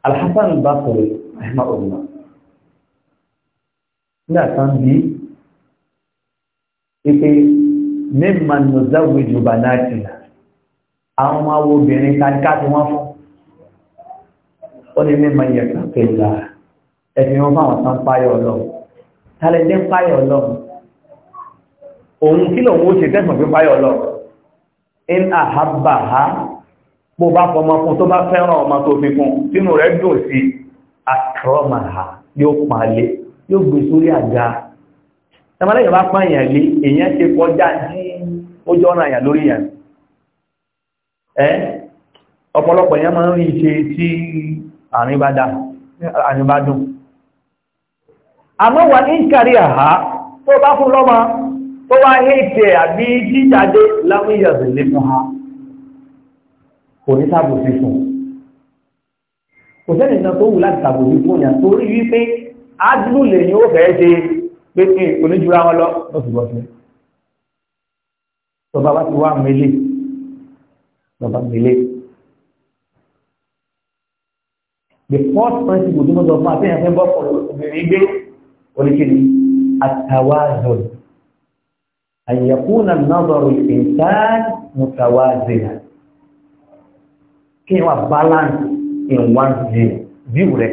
alhassan bakore ahimahullah nígbà kan bí pípé mímọ̀ nùzáwé jùbà náà ti là àwọn máa wo obìnrin ta ní káàkiri wọn fún ó ní mímọ̀ yẹ kàkiri là ẹ̀fìn wọn fáwọn tán páyọ̀ ọlọ́run tálẹ̀ dé páyọ̀ ọlọ́run òun kí lòun ó ṣe tẹ́sán pé páyọ̀ ọlọ́run in ahabba bó bá fọmọ fún tó bá fẹ́ràn ọmọ tó fi kún tínú rẹ̀ dùn sí àkọ́màá yóò pàálé yóò gbé sórí àga ẹmọ́lẹ́yìn bá pààyàn lé èyàn ṣe kọjá ní ojú ọ̀nà àyà lórí yàn ẹ́ ọ̀pọ̀lọpọ̀ èyàn máa ń rí ṣe tí àrin bá dùn àmọ́ wà ní kárí àhá tó bá fún lọ́mọ tó wá hétẹ̀ àbí jíjáde lámúyàbẹ̀ lé fún ha kò ní sábò sí fún kò sẹ́ni ìtàn tó wù láti sábò sí fún yàn torí wípé ádùn lè yóò fẹ́ ṣe pé kí oníjúra wọn lọ lọ́sùbọ̀sẹ̀ tọba bá ti wá mele tọba mele the first principle tí mo sọ fún àti ẹ̀fẹ́ bọ́ pọ̀ obìnrin gbé oníkìlì àtàwázọ̀n àyẹ̀kúnà náà lọ́rọ̀ ìfẹ̀ntàn mùtàwázìnà kí wà balance in one view view rẹ̀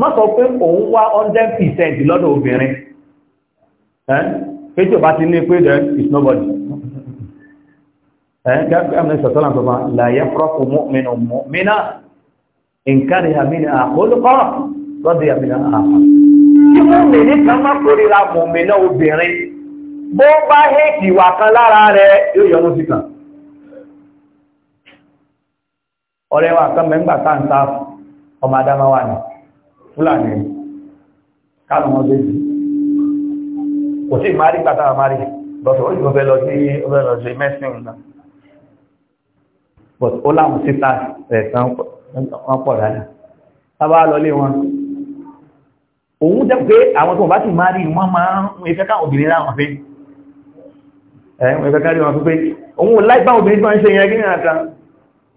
má sọ pé òun wá hundred percent lọ́dọ̀ obìnrin pé tí o bá ti ní pé there is nobody gẹ́gẹ́ ní sọ̀tọ́lá tó máa láyé fọ́kù mọ́mìnà mọ́mìnà nǹkan ni àmìnà àkólùkọ́ lọ́dí àmìnà àfà tí mú mi ní kan má kórìíra mọ́mìnà obìnrin bó bá hẹ́ẹ̀kì wà kan lára rẹ̀ yóò yọnu sí kan ọ̀rẹ́ wa kan mẹ́ngbà sáǹsá ọmọ adámáwà ní fúlàní kánù wọn bèjì kò sí ìmárí pàtà àmárí bọ̀tọ̀ ó yìí ọbẹ̀ lọ sí ọbẹ̀ lọ sí mẹ́sìn náà but ó láwọn síta rẹ̀ tán wọ́n pọ̀ dáadáa sábà lọlé wọn òun jẹ́ pé àwọn tó bá ti máa rí ṣe yẹn kí ní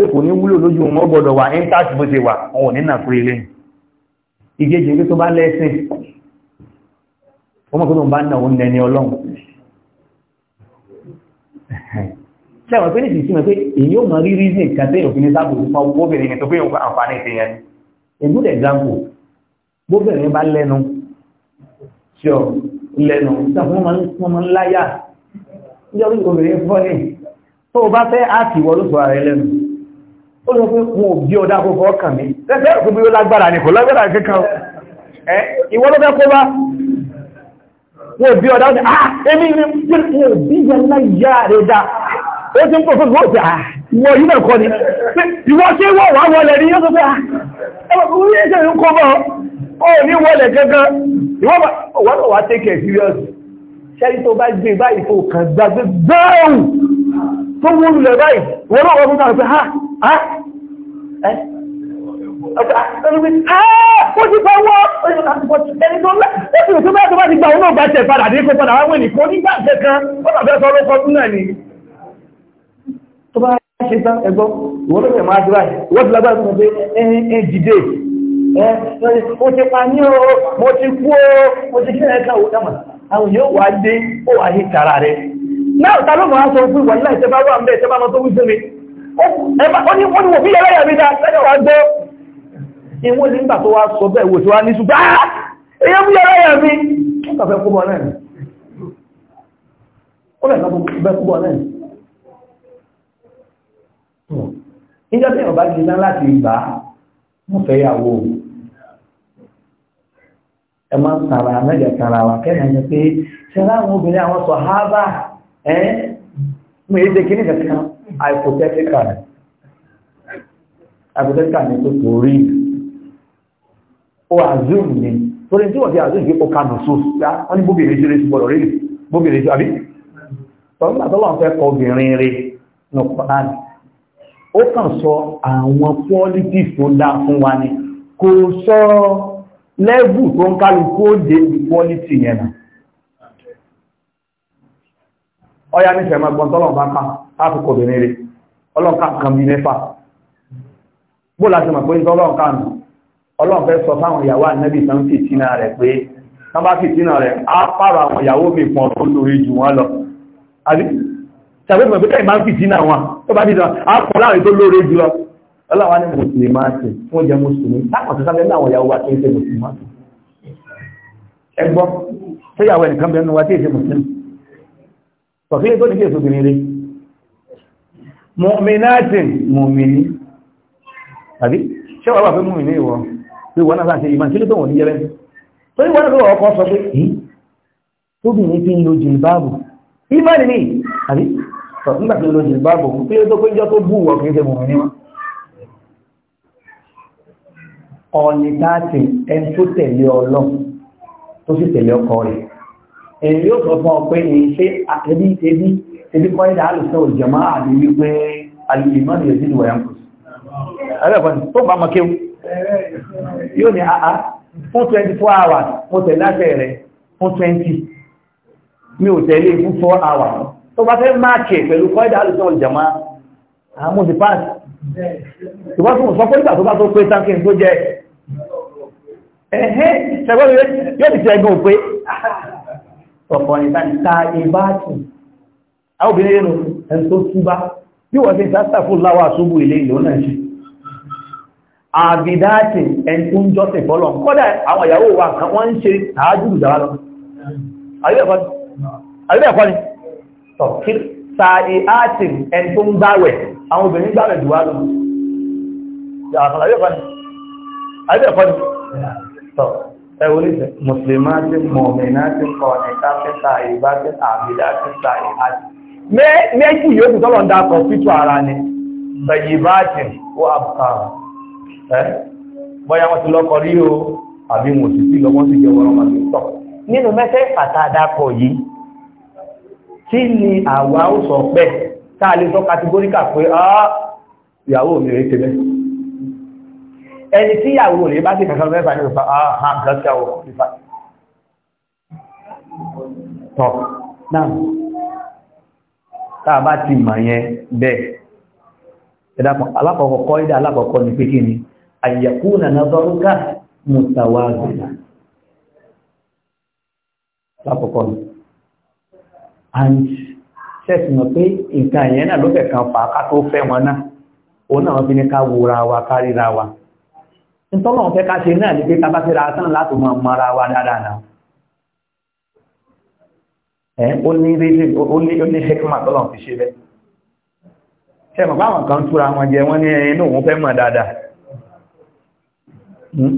pé kò ní wúlò lójú wọn gbọ́dọ̀ wà intact bó ṣe wà wọn ò ní nà ilé ìgéjì pé tó bá lẹ́sìn ọmọ tó bá nà òun nẹni ọlọ́run ṣẹ́wọ̀n pé ní pé èyí ò mọ rí reason kàtẹ́ òfin ní sábò fún ọgbọ́bìnrin yẹn tó pé òun àǹfààní ti yẹn a good example gbọ́bìnrin bá lẹ́nu ṣọ lẹ́nu sáfún wọn máa ń láyà níjọ́ bí obìnrin fọ́ ní tó o bá fẹ́ áàtì wọ́n ló sọ ara rẹ lẹ́nu ó lọ fún wọn bí ọdá fọ́fọ́ ọkàn mi lẹ́fẹ́ òkú bí ó lágbára ní kò lágbára kankan ẹ́ ìwọ ló fẹ́ kó bá wọn bí ọdá ọdá ah èmi ni wọn bí yàrá yá rẹ̀ dá ó ti ń pọ̀ fún ọ̀tí ah ìwọ yìí náà kọ́ ni ìwọ ah, ṣe wọ́n wà wọlẹ̀ ní yóò tó fẹ́ ah orí ẹ̀ṣẹ̀ ń kọ́ bọ́ ó ní wọlẹ̀ kankan ìwọ wà wà take care serious ṣẹ́ni tó bá gbé báyìí tó kàn gbàgbé gbáàrùn tó wọ́n lẹ̀ báyìí wọ́n náà wọ́n tàbí ha ha ẹ́ ó ti fẹ́ wọ́ ẹni tó mẹ́ tó bá ti gbà wọn náà bá tẹ̀ padà dé kó padà wáwẹ́ nìkan nígbà kẹ́kan ó tàbí ẹ̀sọ́ ló kọjú náà ni tó bá ṣe tán ẹgbọ́ ìwọ́n lọ́pẹ̀ máa dúrà ìwọ́n ti lágbàá tó pé ẹ̀yìn jìdé mo ti pa ní o mo ti kú o mo ti kí ẹ̀ka òun dámà àwọn yóò wá dé ó wà ní tara rẹ̀ na ta ụmụ máa sọ fún ìwà nílá ìtẹ́bá wà ń bẹ́ ìtẹ́bá máa tó wí sí mi ó ní wọ́n ni wọ́n bí yàrá yàrá mi dá lẹ́yìn gbọ́ ìwọ́n ní nígbà tó wá sọ wá ní ah! mú mi wa pé ṣe láwọn obìnrin àwọn ẹ́ mẹ́rin jẹ́ kíní kankan hypothetical hypothetical ni tó kò rí o azum ni tó lè tí wọ́n fi azum yí ọkà nù sóòsù yá wọ́n ní bóbìnrin ṣe lè ṣe bọ̀rọ̀ rí bóbìnrin ṣe àbí tọ́lá tọ́lá ń fẹ́ kọ obìnrin rí nù pàdánù ó kàn sọ àwọn qualities tó dá fún wa ni kò sọ lẹ́bù tó ń kálukú ó dé quality yẹn náà ọya ní ṣẹ̀mọ́ ẹgbọ́n tọ́lọ̀ bá ká láàkókò obìnrin rẹ̀ ọlọ́ǹkà kan bí mẹ́fà bó láti mọ̀ pé ń tọ́lọ́ǹkà nù ọlọ́ǹ fẹ́ sọ fáwọn ìyàwó ànẹ́bì tán fìtínà rẹ̀ pé tán bá fìtínà rẹ̀ á pààrọ̀ àwọn ìyàwó mi pọ̀ tó lórí jù wọ́n lọ àbí ṣàbẹ́sọ̀ pé tẹ́yìn bá ń fìtínà wọn tó bá fìtínà á pọ̀ láàrin tó lórí jù lọ ọlọ́wà ní mùsùlùmí máa ṣe tí wọ́n jẹ mùsùlùmí táwọn tó sábẹ́ náà ìyàwó wa tó ń ṣe mùsùlùmí ẹgbọ́n tó yàwó ẹnìkan bẹ́ẹ̀ nù tí èsè mùsùlùmí tọ̀kílẹ̀ tó ní kí èso obìnrin rí mọ̀mìnátìn mọ̀mìní tàbí ṣẹ́wàá wà fẹ́ mọ̀mìní ìwọ̀ pé wọ́n náà láti ìmọ̀ sílé tó wọ̀n ní yẹrẹ tó ní wọ́n náà lọ́wọ́ ọkọ̀ sọ pé èyí tóbìnrin fi ń lo jìlbáàbù ìmọ̀lì ní tàbí tọ̀ nígbà tó lo jìlbáàbù pé tó pé tó bú wọ̀ kì ṣe mọ̀mìní wọn ọ̀nì táàtì tó tẹ̀lé ọlọ́ tó sì tẹ̀lé ọkọ rẹ̀ èyí yóò sọ fún ọ pé èyí ṣe àtẹ́bí tẹ́bí tẹ́bí kọ́ ìdá àlùsẹ́ òjòmá àti wípé alìmọ́ ni èdè ìwà yankù ẹgbẹ̀kọ́ tó bá mọ́kíw yóò ní àá fún 24 hours mo tẹ̀ láti rẹ̀ fún 20 mi ò tẹ̀lé e fún 4 hours tó bá fẹ́ máàkì pẹ̀lú kọ́ ìdá àlùsẹ́ òjòmá àmú ti pass tó bá fún sọ pé ìgbà tó bá tó pé tankin tó jẹ ẹ̀hẹ́ ṣẹgbọ́n yóò ti ṣẹgbọ́n pé ọ̀pọ̀ nìta ta ìbáàtì àwọn obìnrin nínú ẹni tó túbá bí wọ́n ti sásàfún láwà ṣubú ilé ìlú náà ṣe àbìdáàtì ẹni tó ń jọ́sìn fọ́lọ̀ kọ́dà àwọn ìyàwó wa kan wọ́n ń ṣe tààjú ìdára lọ àríbẹ̀ẹ̀kọ́ ni tọ̀kí tààdì áàtì ẹni tó ń gbáwẹ̀ àwọn obìnrin gbáwẹ̀ jù wá lọ àríbẹ̀ẹ̀kọ́ ẹwọ́lẹ́sẹ̀ mùsùlùmáàtì mọ̀mìnáàtì kọ̀ọ̀nìká fẹ́ta ìbáṣe àbídáṣe méjì yóò tọ́lọ̀ ń dákọ̀ pítù ara ni bẹ̀yìbáàtì ó àbùkàrà ẹ́ bọ́yá wọ́n ti lọ́kọ rí o àbí wọ́n sì sí lọ́wọ́ sí jẹ́ wọ́n máa tọ̀ nínú mẹ́tẹ́ fàtà dákọ̀ yìí tí ni àwa ó sọ pé tá a lè sọ kategóríkà pé ah, ẹni tí ìyàwó rẹ̀ bá sì kankan mẹ́fà ah, ní náà tá a bá ti mọ̀ yẹn bẹ́ẹ̀ ẹ̀dàpọ̀ alákọ̀ọ́kọ́ kọ́ ìdá alákọ̀ọ́kọ́ ní pé kí ni àyẹ̀kú nà nàzọ́rúkà mùtàwàgbìlà lákọ̀ọ́kọ́ ni and ṣẹ́sì mọ̀ pé nǹkan yẹn náà ló fẹ̀ kan fà á ká tó fẹ́ wọn náà òun náà wọ́n fi ní ká wúra wa wa ìtọ́lọ̀ ọ̀fẹ́ ká ṣe náà ní pé tàbá ti ra sán láti mọ̀ mara wa dáadáa náà ẹ̀ ó ní rírí ó ní hekima tọ́lọ̀ fi ṣe bẹ́ ṣe mọ̀ báwọn kan túra wọn jẹ wọ́n ní inú òun fẹ́ mọ̀ dáadáa hmm?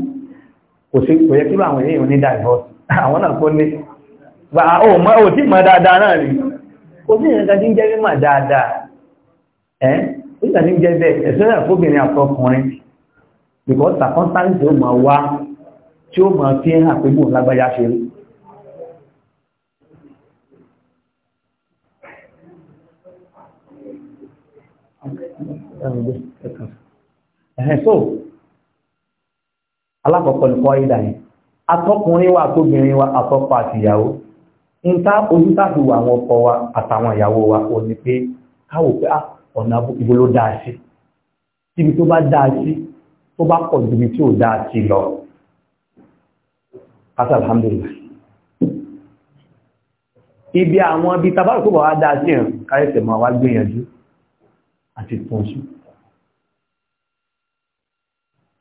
kò sí kò yẹ kílò àwọn èèyàn ní divorce àwọn náà kó ní bá ó mọ́ ò ẹ̀ ó ní jẹ́ bẹ́ẹ̀ ẹ̀sùn náà àtọkùnrin because circumstances ó máa wá tí ó máa fi hàn pé bóun ṣe rí. so alákọ̀ọ́kọ́ ni kọ́ ìdá yẹn atọ́kùnrin wa tóbìnrin wa atọ́kọ̀ àtìyàwó níta onítàfi wà àwọn wa àtàwọn ìyàwó wa ò ní pé káwò pé ah, ọ̀nà ibi tó bá dáa tó bá pọ̀ jù tí ó dáa ti lọ kásá alhamdulillah ibi àwọn ibi tàbá òkú bàwá dáa sí ẹ̀rùn káyẹ̀sẹ̀ máa wá gbìyànjú àti tọ́nṣù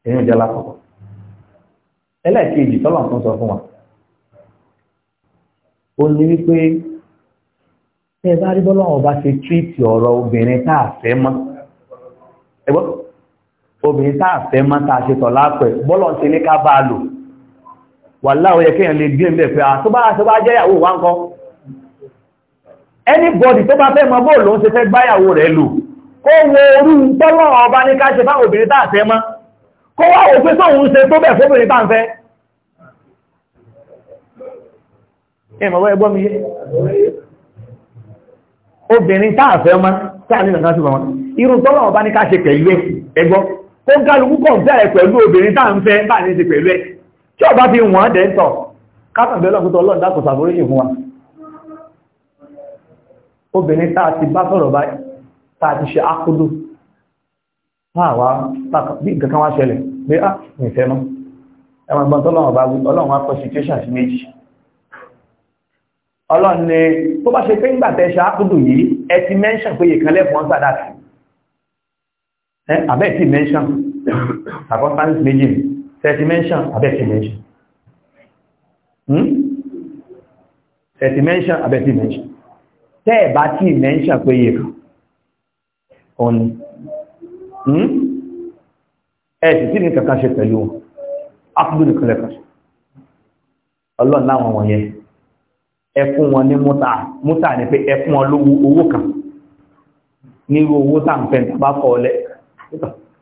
ẹ̀yìn ìjọ lápapọ̀ ẹlẹ́ẹ̀kejì tọ́lọ̀ tó sọ fún wa ó ní wípé tẹ́ bá rí bọ́lọ́wọ́ bá ṣe tíìtì ọ̀rọ̀ obìnrin tá fẹ́ mọ́ ẹgbọ́n obìnrin tá àfẹ́ mọ́ tá a ṣe tọ̀ lápẹ̀ bọ́lọ̀ ṣe ní ká bá a lò wà láwọn yẹ kéèyàn lè gbé ah, ń bẹ̀ fẹ́ anybody tó bá fẹ́ mọ bóòlù ń ṣe fẹ́ gbáyàwó rẹ̀ lò kó wo orú tọ́lọ̀ ọba ní ká ṣe fáwọn obìnrin tá àfẹ́ mọ́ kó wá òfin tóun ṣe tó bẹ̀ tá à ń fẹ́ ìmọ̀wọ́ ẹgbọ́ mi yé obìnrin tá ní nǹkan sí tọ́lọ̀ ọba ní ká ṣe pẹ̀lú ẹgbọ́ kó ń kálukú kọ̀ bẹ̀rẹ̀ pẹ̀lú obìnrin tá ń fẹ́ bá ní ti pẹ̀lú ẹ̀ tí ọba fi wọ́n dẹ̀ ń tọ̀ kátàbẹ̀lọ́ fún tọ́lọ́ ìdákò sàforíṣì fún wa obìnrin tá ti bá sọ̀rọ̀ bá tá ti ṣe ákúdù fáàwá bí nǹkan kan wá ṣẹlẹ̀ pé á ní ìfẹ́ mọ́ ẹmọ ìgbọ́n tọ́lọ́wọ̀n bá ọlọ́run wá pọ̀ situation sí méjì ọlọ́run ni tó bá ṣe pé ńgbà tẹ́ ṣe ákúdù yìí ẹ ti mention pé ìkànlẹ̀ fún àbẹ́ẹ̀tì eh, mention circumstance méjì thirty mention àbẹ́ẹ̀tì mention hmm? thirty mention àbẹ́ẹ̀tì mention tẹ́ ẹ̀ bá tí mention pé yẹ kan òní hmm? ẹ̀ sì tí ní kankan ṣe pẹ̀lú wọn ápùdù nìkan lẹ́kan ṣe ọlọ́run láwọn wọ̀nyẹn ẹ fún wọn ní mútà mútà ní pé ẹ fún wọn lówó owó kan ní owó tàǹfẹ́ tàbá kọ́ ọ lẹ́ẹ̀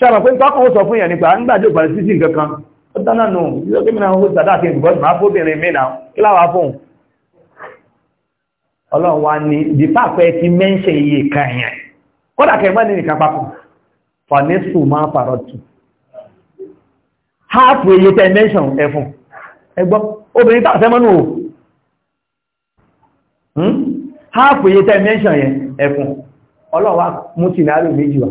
ṣàmà pé tọ́kàn ó sọ fún ìyàn nípa nígbàjò ìpàdé títí nǹkankan ó dáná nù yóò kí mìíràn ó sàdá àti ìbùkọ́ máa fóbìnrin mìíràn kí láwà fún ọlọ́run wa ni dìpáàpẹ́ ti mẹ́ńṣẹ̀ iye kan yẹn kódà kẹgbẹ́ ní nìkan papọ̀ fàníṣù máa pàrọ̀ tù háàpù iye tẹ mẹ́ńṣọ̀n ẹ̀fún ẹgbọ́n obìnrin tàà fẹ́mọ́nù o háàpù hmm? iye tẹ mẹ́ńṣọ̀n yẹn ẹ̀fún ọlọ́run wa mú tìnárù méjì wa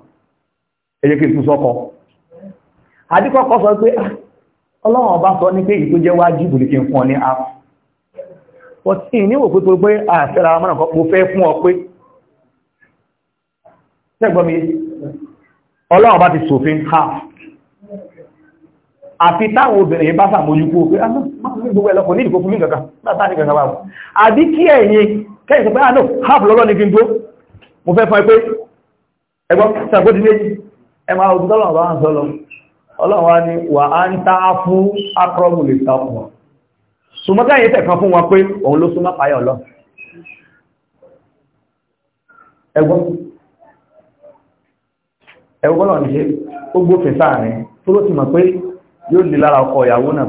ẹjẹ́ kí tún sọ́kọ́ adíkọ́kọ́ sọ pé ah, ọlọ́run ọba sọ ní pé ìtó jẹ́ wájú ìbùdí kí n fún ọ ní app but in níwò pé tó pé àfẹ́ra ah, mọ́nà kan mo fẹ́ fún ọ pé tẹ́gbọ́n mi ọlọ́run ọba ti ṣòfin half àfi táwọn obìnrin bá sàmójúkú ah, pé a máa ní gbogbo ẹlọ́kùn ẹgbọ́n sàgbọ́dí méjì ẹ máa ogun ń sọ lọ ọlọ́run wà á ń tá fún akọrọ̀mù lè ta fún wọn ṣùgbọ́n yìí tẹ̀kan fún wọn pé òun ló súnmọ́ ẹgbọ́n ó sáàrin tó ló ti mọ̀ pé yóò lè lára ìyàwó náà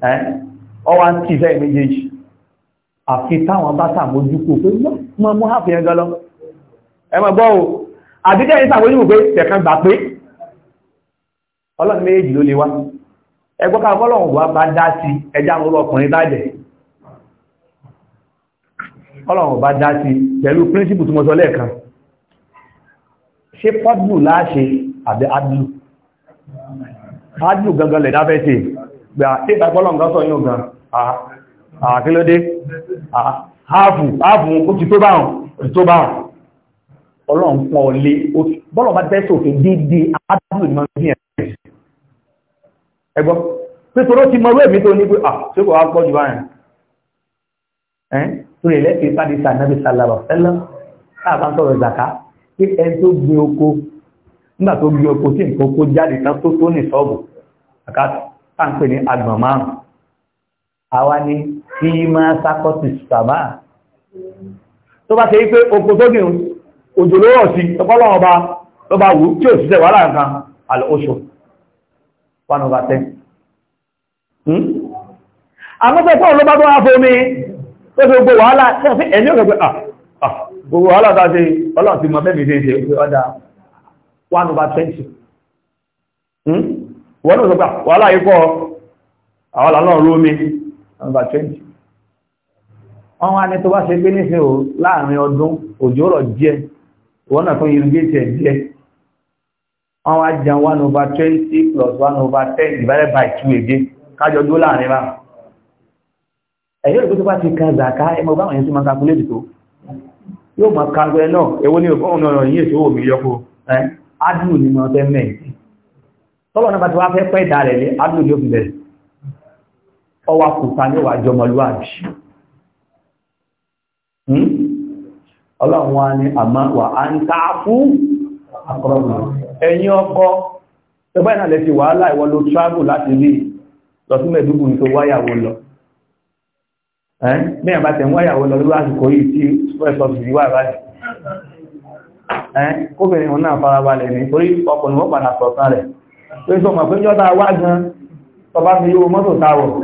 pé ọwá ń kì fẹ́ méjèèjì àfi táwọn bá sàmójúkò pé mọ́ mọ́ àfihàn gọlọ ẹmọ gbọ́ o àdíkẹ́ ní sàmójúkò pé tẹ̀kan gbà pé ọlọ́run méjèèjì ló lè wá ẹgbọ́ ká fọ́lọ́run wá bá dá sí ẹjá àwọn ọkùnrin bá jẹ́ ọlọ́run bá dá sí pẹ̀lú píríncípù tí mo sọ lẹ́ẹ̀kan ṣé pọ́dù láṣe àbí adùn adùn gangan gbà tí ìtàkọ́lọ́run gan sọ yóò gan àkílódé ààfù ààfù ó ti tó báhùn ó ti tó báhùn ọlọ́run pọ̀ lé bọ́lọ̀ bá tẹ́sí òfin dídí àádọ́rùn ìmọ̀ ní ẹ̀ ẹgbọ́ pẹ́tọ́rọ ti mọ̀ wẹ́ẹ̀mí tó ní pé à tí ó kọ̀ wá pọ̀ jù báyìí ẹ́ tó lè lẹ́sìn sáàdì sànàbì sàlàbà fẹ́lá àbá ń sọ̀rọ̀ ìzàká pé ẹ tó gbé oko nígbà tó gbé oko tí nǹkan kó jáde tán tó tó ní sọ́ọ̀bù àkátà tá à ń pè ní agbọ̀n àwa ni kí máa sákọ́tì sàmà tó bá ṣe wípé oko tó gbìn òjò ló sí ọpọlọ ọba ló bá wù tí ò síṣẹ́ wàhálà nǹkan àlọ́ oṣù 1 over 10 àmọ́fẹ́ fún ọlọ́bá tó wá fún omi tó fi gbogbo wàhálà tí ẹni ọ̀gẹ̀ pé ah, ah, gbogbo wàhálà tó ṣe ọlọ́run ti mọ̀ fẹ́ over 20 hmm? wọ́n náà sọ pé ah, wàhálà ikọ́ àwọn àlọ́run ló nọ́mbà twenty wọ́n wá ní tó bá ṣe gbé níṣẹ́ o láàrin ọdún òjò rọ̀ díẹ̀ wọ́n náà tó irrigate ẹ̀ wọ́n wá jẹun one over twenty plus one over ten divided by two again kájọ dúró láàrin wa ẹ̀yọ́ ìgbé tó bá ti kan zàká ẹmọ bá wọ̀nyẹn sí máa calculate tó yóò máa kalẹ̀ náà èwo ní ọgbọ́n ọ̀nà yìí èso omi yọkó ẹ́ adùn ní máa fẹ́ mẹ́ẹ̀ẹ́ tọ́lọ̀ náà bá ti wá fẹ́ pẹ́ ìdá rẹ̀ lé adùn ní ó fi bẹ̀rẹ̀ ọwà kùta ní wàjọ ọmọlúwàbí hmm? ọlọ́run wá ní àmá wà á ń ká fún àkọrọ̀mù ẹ̀yìn ọkọ ẹgbẹ́ ìrìnà lẹ́ti wàhálà ìwọ ló travel láti rí lọ sí mẹ́dúgbùn tó wáyàwó lọ mẹ́yàn bá tẹ̀ wáyàwó lọ lórí àsìkò yìí tí sọ́ẹ̀sọ́ sì wà báyìí kóbìnrin òun náà farabalẹ̀ ní torí ọkùnrin wọ́n padà sọ̀tán rẹ̀ pé sọ mọ̀ pé jọ́ta wá gan tọba fi yóò mọ́tò táwọ̀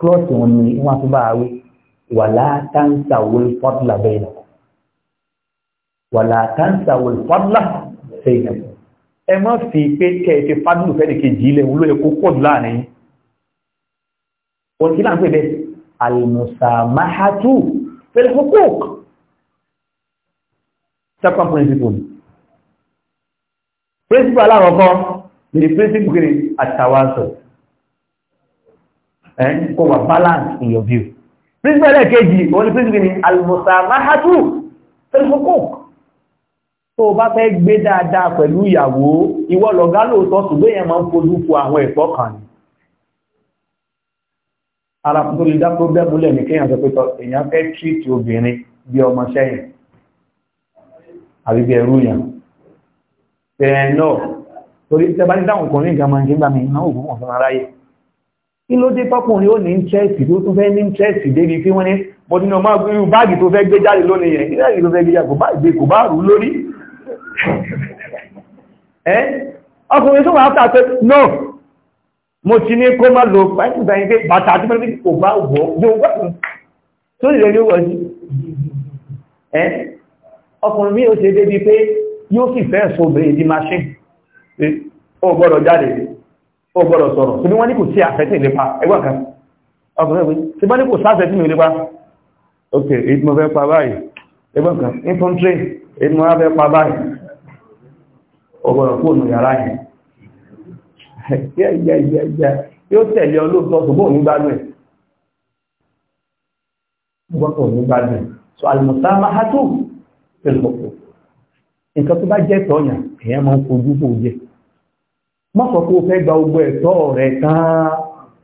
klọ́ọ̀tì wọn ni wọ́n fi bá a wí wàlá táǹsà wọl fọ́dúlà bẹ́ẹ̀ nà wàlá táǹsà wọl fọ́dúlà bẹ́ẹ̀ nà ẹ má fi pé kẹ́ ẹ fi fádùn fẹ́ẹ́ kejì ilẹ̀ wọn ló yẹ kó pọ̀ jù láàrin yín òun kí náà ń pè bẹ́ẹ̀ alimusamahatu fẹ́ẹ́ kókó second principle principle aláwọ̀ kan ni principle kiri àtàwásọ̀. Eh, kó wà balance in your view príncipe ẹlẹ́ẹ̀kejì òun ni príncipe ni almusamahatu fẹ́lifokok tó o bá fẹ́ gbé dáadáa pẹ̀lú ìyàwó ìwọ lọ̀gá lóòótọ́ ṣùgbọ́n èèyàn máa ń fojú fo àwọn ẹ̀kọ́ kan ni ara tó lè dá problem lẹ̀ ní kéèyàn sọ pé tọ èèyàn fẹ́ treat obìnrin bí ọmọ sẹ́yìn àbí bí ẹrú yàn tẹ̀ náà torí tẹ́ bá ní dáhùn kò ní ìgbà máa ń gbà mí náà òkú mọ̀ fún aráyé kí ló dé tọ́kùnrin ó ní ìntrẹ́sì tó tún fẹ́ ní ìntrẹ́sì débi pé wọ́n ní bọ́dínà máa gbé irú báàgì tó fẹ́ gbé jáde lónìí yẹn ìrẹ́gì tó fẹ́ gbé jáde kò bá rú lórí ẹ́ ọkùnrin tó máa tàbí no mo ti ní kó má lo bàtà tí mẹ́rin kò bá wọ́ tó ìrẹ́ ló wọ́ sí ẹ́ ọkùnrin mi ó ṣe débi pé yóò sì fẹ́ sọ obìnrin di machine ó gbọ́dọ̀ jáde ó gbọ́dọ̀ sọ̀rọ̀ tí wọ́n ní kò sí àfẹ́tì ìlépa ẹgbà kan ọkùnrin ìwé tí wọ́n ní kò sáfẹ́tì ní ìlépa ok èyí mo fẹ́ pa báyìí ẹgbà kan infantry èyí mo fẹ́ pa báyìí ó gbọ́dọ̀ fóònù yàrá yẹn yẹ́yẹ́yẹ́yẹ́ yóò tẹ̀lé ọlọ́tọ̀ ṣùgbọ́n òní gbádùn ẹ̀ gbọ́dọ̀ òní gbádùn ẹ̀ so al-musamahatu fil-huquq nǹkan tó má sọ pé o fẹ́ gba ogbó ẹ̀tọ́ rẹ̀ tán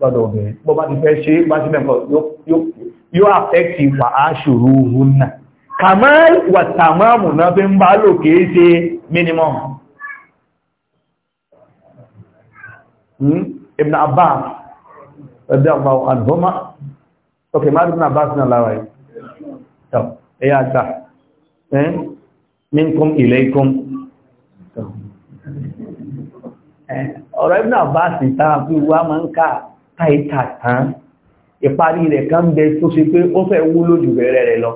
lọ́dọ̀ obìnrin bó bá ti fẹ́ ṣe bá sílẹ̀ nǹkan yóò àfẹ́kì wà á ṣòro ohun náà kàmá wà tàmáàmù náà fi ń bá lò kìí ṣe minimum hmm? abbas ẹ̀dẹ́ ọgbà àdúgbọ́má ok má ibn abbas náà lára ẹ̀ ẹ̀yà àgbà minkum ilaykum ọ̀rọ̀ Ibn Abbas tán pé wá máa ń ká táìtà tán ìparí rẹ̀ kan bẹ tó ṣe pé ó fẹ́ wúlò jù bẹ̀rẹ̀ rẹ̀ lọ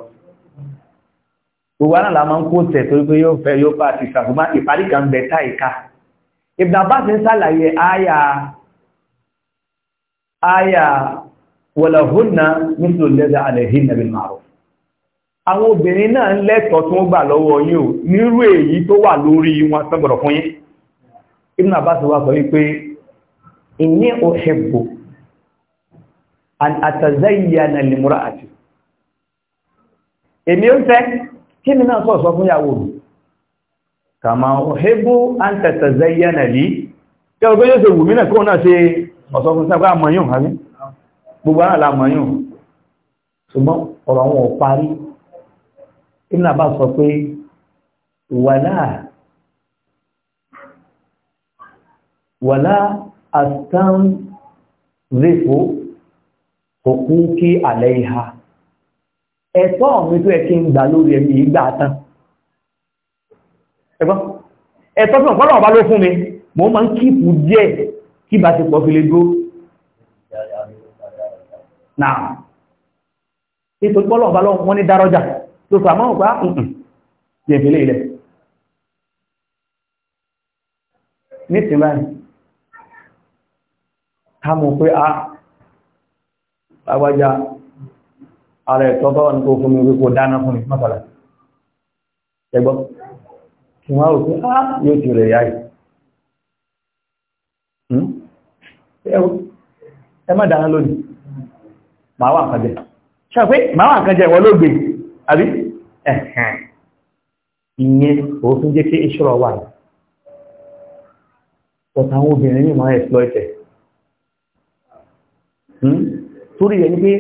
gbogbo náà la máa ń kó tẹ̀ torí pé yóò fẹ́ yóò bá ti ṣàfihàn ìparí kan bẹ táìka Ibn Abbas ń ṣàlàyé àyà àyà wọ̀lọ̀húnna nítorí lẹ́dà àlẹ́hìn àwọn obìnrin náà lẹ́tọ̀ọ́ tí wọ́n gbà lọ́wọ́ yín o nírú èyí tó wà lórí wọn sọ́gbọ̀rọ̀ fún yín Ibn Abbas wá sọ wípé inni uhibbu an atazayyana limra'ati èmi ń fẹ́ kí ni náà sọ̀sọ́ fún ìyàwó mi kama uhibbu an tatazayyana li kí ọgbẹ́ yóò ṣe wù mí náà kí wọ́n náà ṣe ọ̀sọ́ fún sábà mọ̀yún àmì gbogbo náà la mọ̀yún ṣùgbọ́n ọ̀rọ̀ wọn ò parí Ibn Abbas sọ pé wàláà wàlá àtàǹzẹ̀fò òkú kí àlẹ́ ìhà ẹ̀tọ́ mi tó ẹ̀kí ń gbà lórí ẹ̀mí ìgbà tán ẹgbọ́n ẹ̀tọ́ tí ọ̀pọ̀lọ̀ ọba ló fún mi mo máa ń kíìpù díẹ̀ kí bá ti pọ̀ fi lè dúró nítorí báyìí ká mọ̀ pé a ah, agbájá ara ẹ̀tọ́ tọ́wọ́ ní kó fún mi wípé dáná fún mi mọ́sàlá ẹgbọ́ kí wọ́n rò pé a ah, yóò ti rẹ̀ yáyì hmm? ẹ má dáná lónìí màá wà kan jẹ ṣe pé màá wà kan jẹ ló gbé àbí ẹ̀hẹ̀n ìyẹn òfin jẹ́ kí ìṣòro wà pọ̀tàwọn obìnrin ní máa exploit it torí rẹ̀ ní pé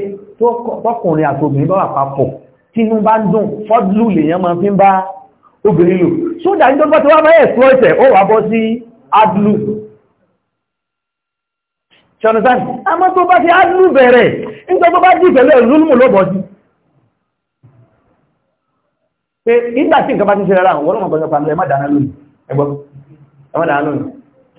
tọkùnrin àtòbìnrin bá wà papọ̀ tínú bá ń dùn fọ́dúlù lèèyàn máa fi ń bá obìnrin lò sódà ní tọ́gbọ́n tí wọ́n máa ẹ̀sùn ẹ̀sẹ̀ ó wà bọ́ sí adlu ṣọ̀nùsáì àmọ́ tó bá ti adlu bẹ̀rẹ̀ nítorí bá dì pẹ̀lú ìlúlùmù lọ́bọ̀ sí pé nígbà tí nǹkan bá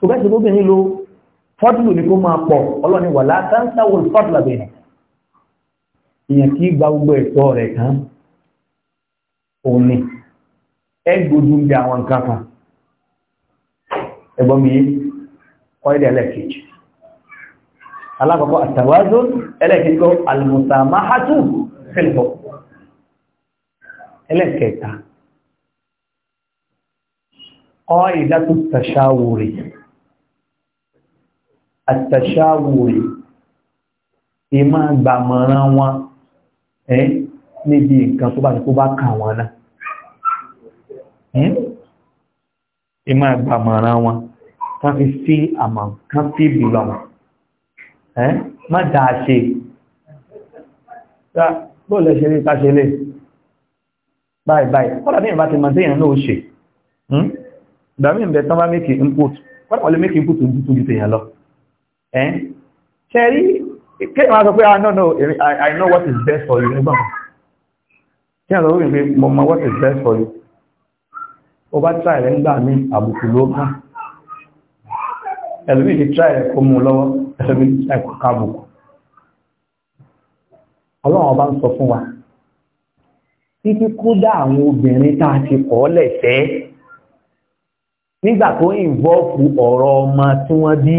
ṣùgbọ́n ṣe gbóbìnrin lo fọ́dùlù ní kó máa pọ̀ ọlọ́ni wà látàntàwò fọ́dùlù bẹ̀rẹ̀ èèyàn kì í gba gbogbo ẹ̀tọ́ rẹ̀ tán òun ni ẹ gbójú ń bẹ àwọn nǹkan kan ẹgbọ́n mi ọ̀ẹ́dẹ̀ ẹlẹ́kejì alákọ̀ọ́kọ́ àtàwázó ẹlẹ́kejì kọ́ àlùmùsàmáhátù fẹ́lẹ̀kọ́ ẹlẹ́kẹta ọ̀ ìdátù tàṣáwò rèé àtàṣáwòrè ìmọ̀ gbàmọ̀ràn wọn ẹ́ níbi nǹkan tó bá ti kó bá kà wọn náà ìmọ̀ gbàmọ̀ràn wọn kan fi sí àmọ̀ kan fi bìlọ̀ ẹ́ má dáa ṣe bóò lè ṣe rí ká ṣe lè báyìí báyìí kọ́dà bí ìbá ti mọ̀ sí ìrìn náà ó hm? ìbẹ̀ tán bá mékì input kọ́dà lè mékì input tó ju tèèyàn lọ eh ṣe rí kéèyàn wá sọ pé ah no no I know what is best for you nígbà kéèyàn sọ pé mo mọ what is best for you ó bá tíráì rẹ̀ ń gbà àbùkù ló bá ẹ̀lùmí ti tíráì rẹ̀ kó lọ́wọ́ ti tíráì kó kábùkù ọlọ́run ọba ń sọ fún wa títí dá àwọn obìnrin tá a ti kọ́ lẹ̀fẹ́ nígbà tó ń ọ̀rọ̀ ọmọ tí wọ́n bí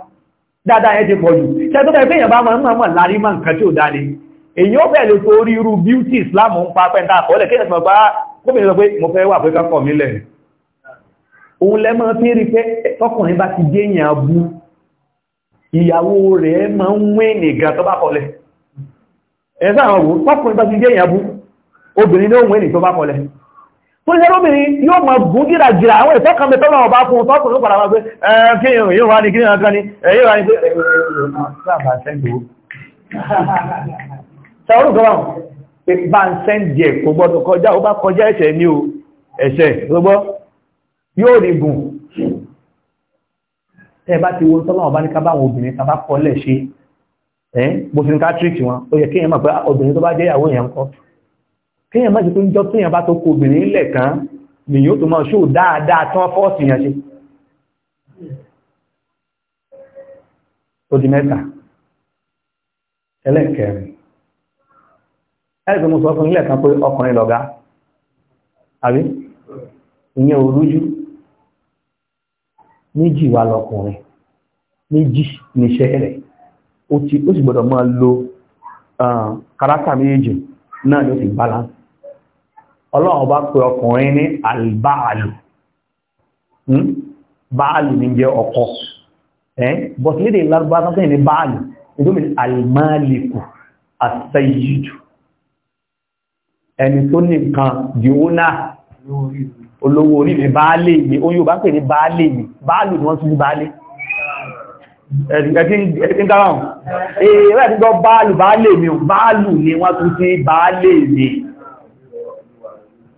dáadáa ẹ ti pọ̀ jù ṣẹ́tọ́ta ẹgbẹ́ ìyàmbá ma ń mọ̀ lárí máa nǹkan tí ó dáa ní èyí ó bẹ̀rẹ̀ tó rí irú beauty Islam ń pa pẹ́ntà àkọọ́lẹ̀ kí ẹ̀sùn ọgbá gómìnà sọ pé mo fẹ́ wà pé kákọ̀ mílẹ̀ òun lẹ máa fi rí pé tọkùnrin bá ti dé èèyàn bú ìyàwó rẹ̀ máa ń wé nìgan tó bá kọlẹ̀ ẹ̀sán àwọn òwò tọkùnrin bá ti dé èèyàn bú obìnrin ló tó ṣe lóbìnrin yóò mọ̀ gún gíràjìrà àwọn ìfẹ́ kan mẹ́tọ́lọ̀ ọba fún un tọ́kùnrin padà wá pé kíyàn yóò wá ní kí nìyàn kan ní ẹ̀yẹ́ wá ní pé sáàbà sẹ́ndìwó ṣàwọ́rùn kan wọ́n pé bá ń sẹ́ndì ẹ̀ kò gbọ́dọ̀ kọjá ó bá kọjá ẹ̀ṣẹ̀ ní o ẹ̀ṣẹ̀ gbogbo yóò rí gùn tẹ́ bá ti wo tọ́lọ̀ ọba ní ká bá àwọn obìnrin ká bá kọ́lẹ̀ ṣe bó ti ní ká tírìtì wọn ó yẹ kéèyàn mọ̀ pé obìnrin tó bá jẹ́ ìyàwó èèyàn kọ́ kíyàn mẹ́sì tó ń jọ tíyàn bá tó kò obìnrin lẹ̀ kan nìyàn tó máa ṣó dáadáa tán fọ́ọ̀sì yàn ṣe ó di mẹ́ta ẹlẹ́kẹ̀ẹ́rin ẹgbẹ́ mo sọ fún ilẹ̀ kan pé ọkùnrin lọ̀gá àbí ìyẹn olújú méjì wà lọkùnrin méjì níṣẹ́ rẹ̀ ó sì gbọ́dọ̀ máa lo kárátà ah, méjì náà ló ti balance ọlọ́run bá pe ọkùnrin ní albaalu hmm? baalu ní jẹ́ ọkọ eh? but lédè lárúbá sáfẹ́ ní baalu ìdómi almaliku asayidu ẹni tó ní nǹkan diona olówó orí ní baálé mi ó yóò bá pè ní baálé mi baalu ni wọ́n tún ní baálé ẹ̀kí ń ẹ̀rẹ́ àti eh, gbọ́ baalu mi baalu ni wọ́n tún sí baálé mi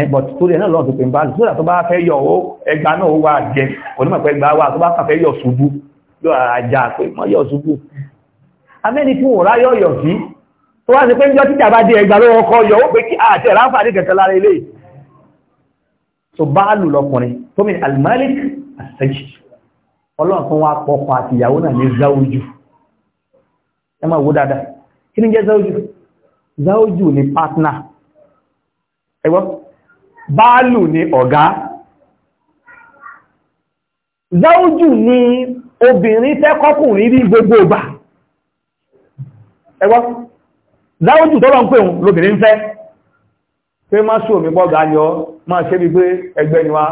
ẹgbọ̀ tó rẹ̀ náà lọ́nà tó pè ń bá lù sódà tó bá fẹ́ yọ ó ẹgbà náà ó wà jẹ onímọ̀ pé ẹgbà wà tó bá kàfẹ́ yọ ṣubú yọ àjà pé mọ́ yọ ṣubú amẹ́ni tí wọ́n ráyọ̀ yọ̀ sí tó wá sí pé ń jọ títà bá dé ẹgbà lọ́wọ́ kọ́ yọ ó pé kí àti ẹ̀rá fàdé kẹ̀kẹ́ lára ilé tó bá lù lọkùnrin tó mi almalik asẹ́jì ọlọ́run tó wá pọkọ àti ìyàwó náà ní záwójú ẹ máa wó dáadáa kí ni jẹ́ záwójú záwójú ni partner ẹgbọ́n báálù ni ọ̀gá záújù ni obìnrin tẹ́kọ́kùnrin rí gbogbo ọgbà ẹgbọ́ záújù tọ́lọ ń pè hùn lóbìnrin fẹ́ pé má sọ mi bọ́gà yọ má ṣe bí pé ẹgbẹ́ ni wá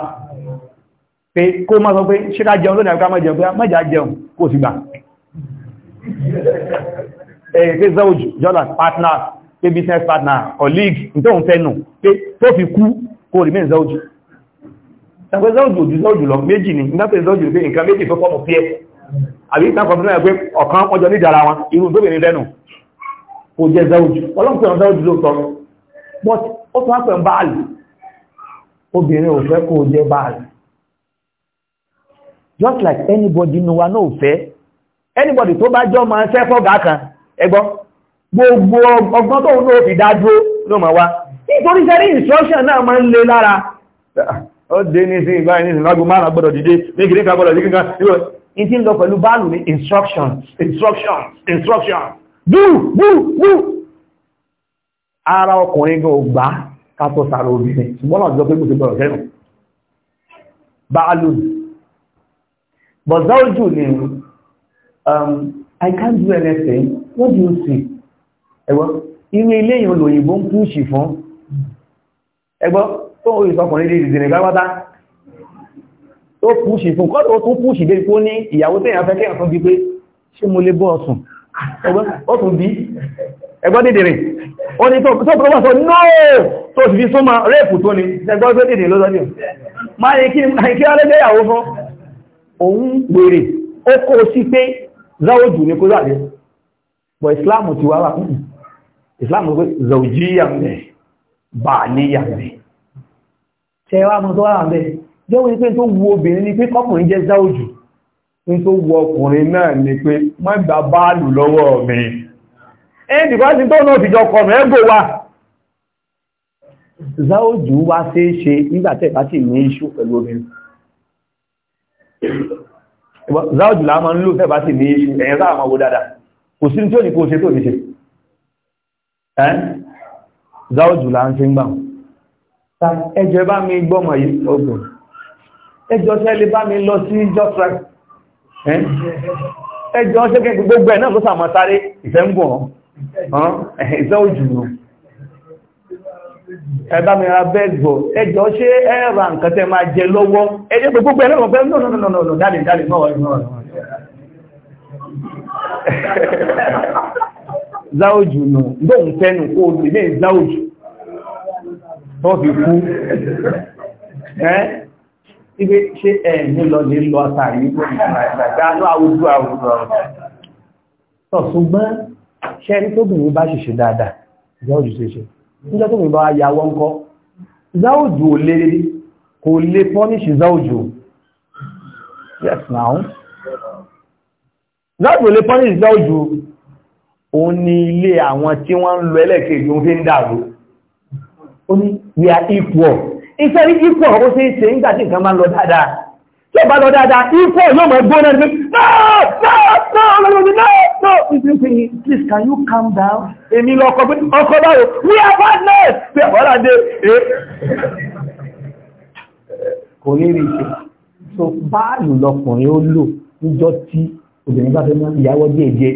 pé kó má sọ pé ṣíká jẹun lónìí àkọ́kọ́ mẹ́jẹun pé mẹ́jà jẹun kò sì gbà pé záújù jọ́lá partner pé business partner colleague ní tóun fẹ́ nù pé tó fi kú kó rí mẹ́rin záójú ẹgbẹ́ záójú ojú záójú lọ méjì ni nígbàtẹ̀ záójú pé nǹkan méjì fẹ́ fọ́mù pé àbí ìtàkọ̀ fún ẹgbẹ́ ọ̀kan ọjọ́ ní ìdára wọn irú tó bèèrè lẹ́nu kò jẹ́ záójú ọlọ́pẹ̀rún záójú ló tọ́ but ó tún ápẹ̀ báàlì obìnrin ò fẹ́ kó jẹ́ báàlì just like anybody nu wa náà fẹ́ anybody tó bá jọ máa ń sẹ́fọ́ gà kan ẹgbọ́ gbogbo ọgbọ́n tóun náà fi dá dúró ló nítorí sẹ́rí instruction náà máa ń lè lára ó dé ní sí ìgbà ní ìsìnlágbò márùn agbọ́dọ̀ dìde ní kìí ká gbọ́dọ̀ díkíkan níbò in ti ń lọ pẹ̀lú báàlù ní instruction instruction instruction do do do ara ọkùnrin gan ògbà kátó sára obìnrin ṣùgbọ́n náà jọ pé kò sí gbọ́dọ̀ sẹ́nu báàlù bọ̀záójù ni um, I can't do anything what do you see ẹ̀wọ́ irú ilé ìrìn olóyìnbó ń púùsì fún ẹgbọ́ tó ń ìsọkùnrin lè dìdìrì gbáwátá tó púṣì fún kọ́ tó tún púṣì dé kó ní ìyàwó tẹ́yàn fẹ́ kẹ́yàn fún bí pé ṣe mo lè bọ́ ọ̀sùn ọ̀tún bí ẹgbọ́ dìdìrì ó ní tó pọ́pọ́ sọ nóò tó sì fi súnmọ́ rẹ́ẹ̀pù tó ní ẹgbọ́ tó dìdìrì lọ́dọ́ ní máa ní kí alẹ́gbẹ́ ìyàwó fún òun wèrè ó kó sí pé záwójù ní kó láàrin bọ̀ ìsìláàmù ti wá wà ìsìláàmù pé zàwùjíyà mẹ́rin bà níyà rẹ̀. Ṣẹ́wà mọ́ tó wà bẹ́, jẹ́ wọ́n pé tó wu obìnrin ni pé kọkùnrin jẹ́ záòjù, ní tó wu ọkùnrin náà ni pé má gbà báàlù lọ́wọ́ mi. Ẹn bí kọ́sí tó náà fìjọ kọ̀ rẹ̀ gbò wá. Záòjù wá ṣe é ṣe nígbàtẹ́ bá sì ní iṣu pẹ̀lú obìnrin. Záòjù láà máa ń lò fẹ́ bá sì ní iṣu, ẹ̀yẹn sáà máa wo dáadáa. Kò sí ní tí ò ní kó ṣe tó ní ṣe záòjù là ń fi ń gbà ẹjọ́ bá mi gbọ́mọ̀ yìí ọgbọ̀n ẹjọ́ tẹ́lẹ̀ bá mi lọ sí jọ́fra ẹjọ́ ṣẹ́kẹ́ gbogbo ẹ̀ náà ló sàmọ́ sáré ìfẹ́ ń gùn ọ́ ẹ̀bá mi ra bẹ́ẹ̀gbọ̀ ẹjọ́ ṣe ẹ̀rà nǹkan tẹ́ máa jẹ lọ́wọ́ ẹjẹ́ pé gbogbo ẹ̀lọ́wọ́ pẹ́ no no no no no dáadé dáadé náà záòjù nù lóòun fẹ́nu kó lè lè záòjù tó fi kú ẹ́ ibé ṣe ẹ̀ẹ̀mí lọ lè lọ àtàrí ìgbàgbà àwùjú àwùjú ṣùgbọ́n ṣẹ́rí tó bìnrin bá ṣiṣẹ́ dáadáa záòjù ṣe ṣe níjọ́ tó bìnrin bá ya wọ́n kọ́ záòjù ò lè kò lè pọ́níṣì záòjù yes now záòjù ò lè pọ́níṣì záòjù òun ni ilé àwọn tí wọ́n ń lọ ẹlẹ́kẹ̀ẹ́jì òun fi ń dàrú ó ní we are equal iṣẹ́ rí equal ó ṣe é ṣe nígbà tí nǹkan máa ń lọ dáadáa tí ó bá lọ dáadáa equal yóò mọ̀ gbóná ní please can you calm down èmi lọ ọkọ̀ ọkọ̀ are partners so báàlù lọkùnrin ó lò níjọ́ tí obìnrin bá fẹ́ mọ́ ìyàwó jẹ́ẹ̀jẹ́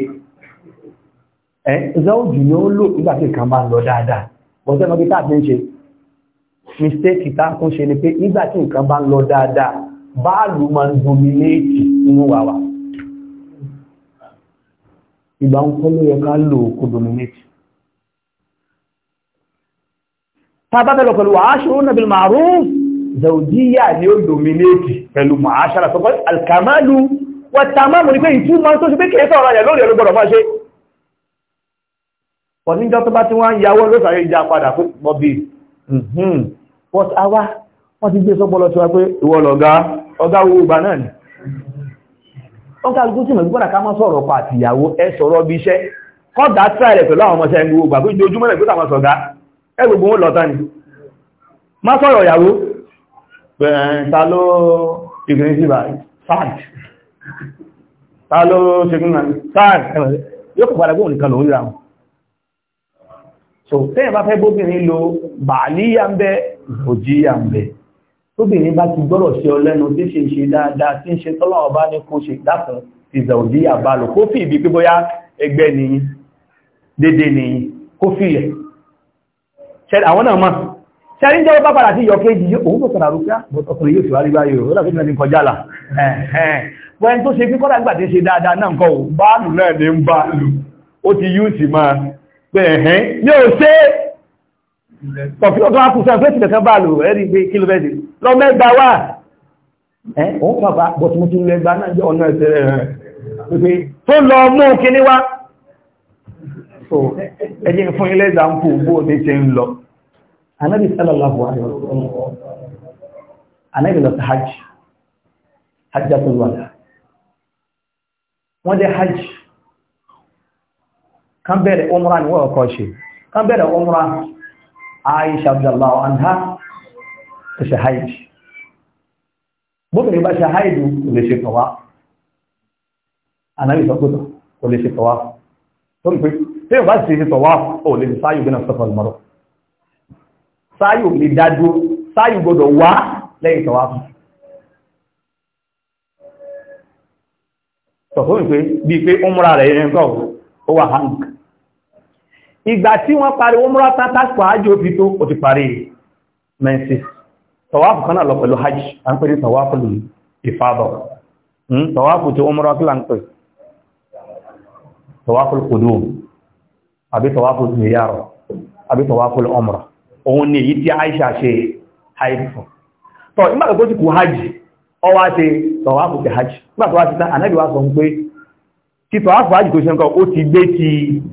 ẹ́ zaújù ni ó lò nígbà tí nǹkan bá ń lọ dáadáa wọ́n tẹ́ mọ́ bí táàbí ń ṣe mistake tá kún ṣe ni pé nígbà tí nǹkan bá ń lọ dáadáa báàlù máa ń dominate nínú wa ìgbà ń kọ́ ló yẹ ká lò kó dominate tá bá bẹ̀rẹ̀ pẹ̀lú wa'ashiruna bil ma'ruf zaújíyà ni ó dominate pẹ̀lú ma'ashara sọ pé alkamalu wa ni pé ìtumọ̀ tó ṣe pé kìí sọ̀rọ̀ rẹ̀ lórí ẹlúgbọ̀rọ̀ máa ṣe pọ̀ níjọ́ tó bá tí wọ́n ń yàwó ló sàárè ìjà padà fún bọ́bí mhm. but àwa wọ́n ti gbé sọ́pọ̀lọ́ tí wá pé ìwọ lọ̀gá ọ̀gá owó ìgbà náà ni wọ́n ká gúúsù mọ̀ gbọ́nà ká mọ́ sọ̀rọ̀ pa àtìyàwó ẹ sọ̀rọ̀ bí iṣẹ́ kọ́dà tíráìlẹ̀ pẹ̀lú àwọn ọmọṣẹ́ gbogbo àgbé ojoojúmọ́ ẹgbẹ́ àwọn sọ̀gá ẹ gbogbo wọn lọ́ta ni má sọ̀rọ̀ ìyàwó ta ló ìgbìyànjú sí báyìí sáàd ta ló ṣe so tẹ́yìn bá fẹ́ bóbìnrin lo bàálíyà ń bẹ òjíyà ń bẹ tóbìnrin bá ti gbọ́rọ̀ sí ọ lẹ́nu tí ṣe ṣe dáadáa tí ń ṣe tọ́lá ọba ní kó ṣe dákan ti zà òjíyà bá lò kó fi ìbí pé bóyá ẹgbẹ́ nìyí dédé nìyí kó fi ilẹ̀ ṣe àwọn náà mọ̀ ṣe ní jẹ́wọ́ bá padà sí yọ kéjì òun tó padà rúkúá ọkùnrin yóò ṣèwárí báyìí ó dàbí ìrìn kọjá là wọ́n tó ṣe pé kọ́dà gbà ṣe dáadáa náà nǹkan ò bá lù náà ní ń bá lù ó ti yúùsì máa pé ẹ̀hẹ́n ní ò ṣe kọ̀fíọ́tọ́ àkùsà fẹ́sì lẹ́kan bá lò ẹ̀rí pé kí ló fẹ́sì lọ mẹ́gbà wà ẹ̀ òun pàpà bọ̀túnmútún lẹ́gbà náà jẹ́ ọ̀nà ẹ̀sẹ̀ rẹ̀ tó lọ mú kíní wá so ẹjẹ́ fún ilé ìdàmkù bó ní ṣe ń lọ anábì sallallahu alaihi wasallam hajj hajjatul wada wọ́n dé hajj kan bẹ̀rẹ̀ umra ni wọ́n kọ́ ṣe kan bẹ̀rẹ̀ umra aisha abdullahi anha ta ṣahaidi bóbìnrin bá ṣahaidi kò lè ṣe tọwa anáyí sọkútọ̀ kò lè ṣe tọwa tó ń pè tí ó bá ṣe ṣe tọwa ó lè ṣe sáyò gbẹ́nà sọ́fà lọ́rọ̀ sáyò lè dájú sáyò gbọdọ̀ wá lẹ́yìn tọwa fún sọ̀tọ́ ń pè bíi pé umra rẹ̀ yẹn kọ́ ó wà hank ìgbà tí wọ́n parí umra tán tásìkò hajj òbí tó o ti parí menses tọwáfù kan náà lọ pẹ̀lú hajj a ń pè tọwáfù lè ìfàbọ̀ hmm, tọwáfù tí umra kí là ń pè tọwáfù qudum àbí tọwáfù ziyara àbí tọwáfù umra Aisha ṣe hajj fún tọ́ ìgbàgbọ́ ti kú hajj ọ wá ṣe tọwáfù ti hajj nígbà tó wá ti tán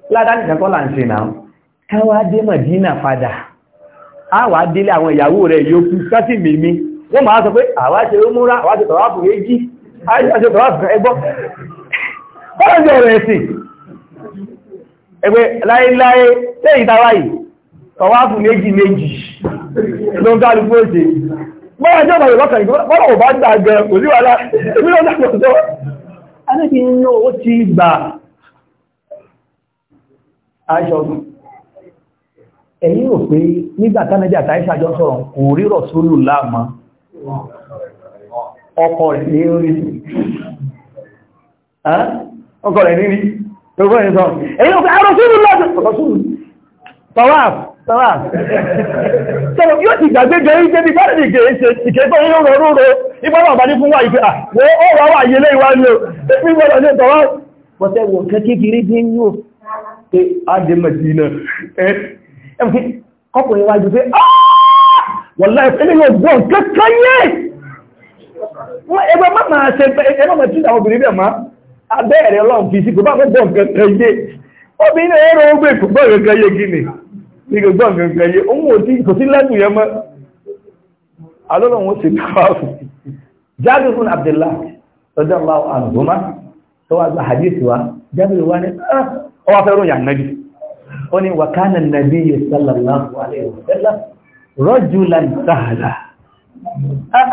ládàní kan kọ́ là ń ṣe náà káwá dé mọ̀dínà padà àwà délé àwọn ìyàwó rẹ̀ yókù sátì mímí wọ́n máa sọ pé àwa ṣe ó múra àwa ṣe tọ̀wá fún èjì àwa ṣe tọ̀wá fún ẹgbọ́ bọ́n jẹ́ rẹ̀ sí ẹgbẹ́ láéláé lẹ́yìn tàwá yìí tọ̀wá fún méjì méjì ló ń kálukú ó ṣe bọ́n jẹ́ ọ̀rọ̀ lọ́kàn ìgbọ́n ò bá gbà gan kò sí wàhálà ìbílọ̀ náà pọ̀ sọ aṣọ́dún ẹ̀yìn rò pé nígbà tánàjà àtàíṣà jọ sọ̀rọ̀ kò rírọ̀ sólù láàmọ́ ọkọ̀ rẹ̀ ọkọ ọkọ̀ rẹ̀ ní ọkọ̀ rẹ̀ sọ ah, sọ̀rọ̀ yóò ti gbàgbé gẹ̀rí jẹ́ bí fẹ́rẹ̀ ìkẹ́kọ́ yóò rọ̀ rúrò fún wà ìfẹ́ àwọn ìwà ní o pé ajé mẹ́dínà kọkùnrin wájú pé wọ́lá ìpínlẹ̀ yóò gbọ́n kẹ́kẹ́ yẹ́ ẹgbẹ́ má máa ṣe ẹgbẹ́ mọ̀ tí àwọn obìnrin bẹ̀ máa abẹ́ẹ̀rẹ̀ ọlọ́run fi sí gbọ́n gbọ́n kẹ́kẹ́ yẹ́ obìnrin ẹ̀rọ ogbè gbọ́n kẹ́kẹ́ yẹ́ gíní ní gbọ́n kẹ́kẹ́ yẹ́ òun ò tí kò sí lẹ́nu yẹn mọ́ alọ́lọ́run ó sì káwàfù jáde fún Abdullahi ọjọ́ ọwá fẹ́rún yà nàbí ó ní wàkánà nàbí sallallahu alaihi wasallam rajulan sahla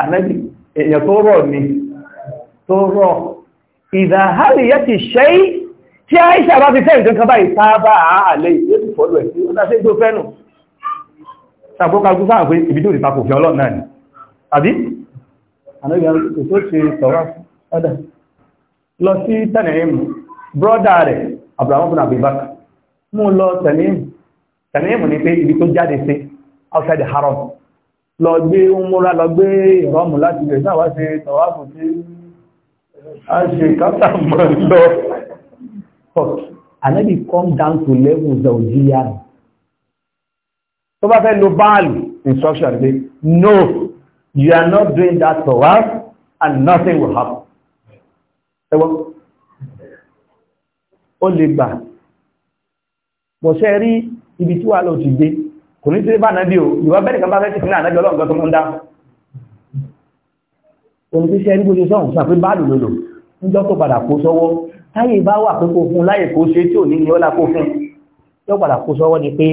ànábì èyàn tó rọ̀ ní tó rọ̀ idha haliyati shay tí a ìṣà bá fi fẹ́ nǹkan bá ìsáábà àálẹ́ ìgbésù fọ́lù ẹ̀ tí ó dá sí ìgbó fẹ́nu sàbókagú sáà pé ibi tó ìtàkù fi ọlọ́ Abdullahi bin Abibak mú lọ tẹ̀lẹ́mù tẹ̀lẹ́mù ní pé ibi tó jáde sí outside the haram lọ gbé umura lọ gbé ìrọ́mù láti rẹ̀ náà wá sí tọ̀wáfù tí a ṣe káptà mọ́ lọ Ànábì come down to level zaujiya tó bá fẹ́ lo báàlù instruction pé no you are not doing that for us and nothing will happen ó lè gbà bọ̀ṣẹ́ rí ibi tí wà lọ ti dé kò ní sí bá náà bí o ìwà bẹ́ẹ̀ nìkan bá fẹ́ ti fi náà náà bí ọlọ́run tó mú ń dá òun ti ṣe rí bó ṣe sọ́hùn sàpé báàlù lòlò níjọ́ tó padà kó sọ́wọ́ táyé bá wà pé kó fún láyè kó ṣe tí ò ní ní ọlá kó fún yóò padà kó sọ́wọ́ ni pé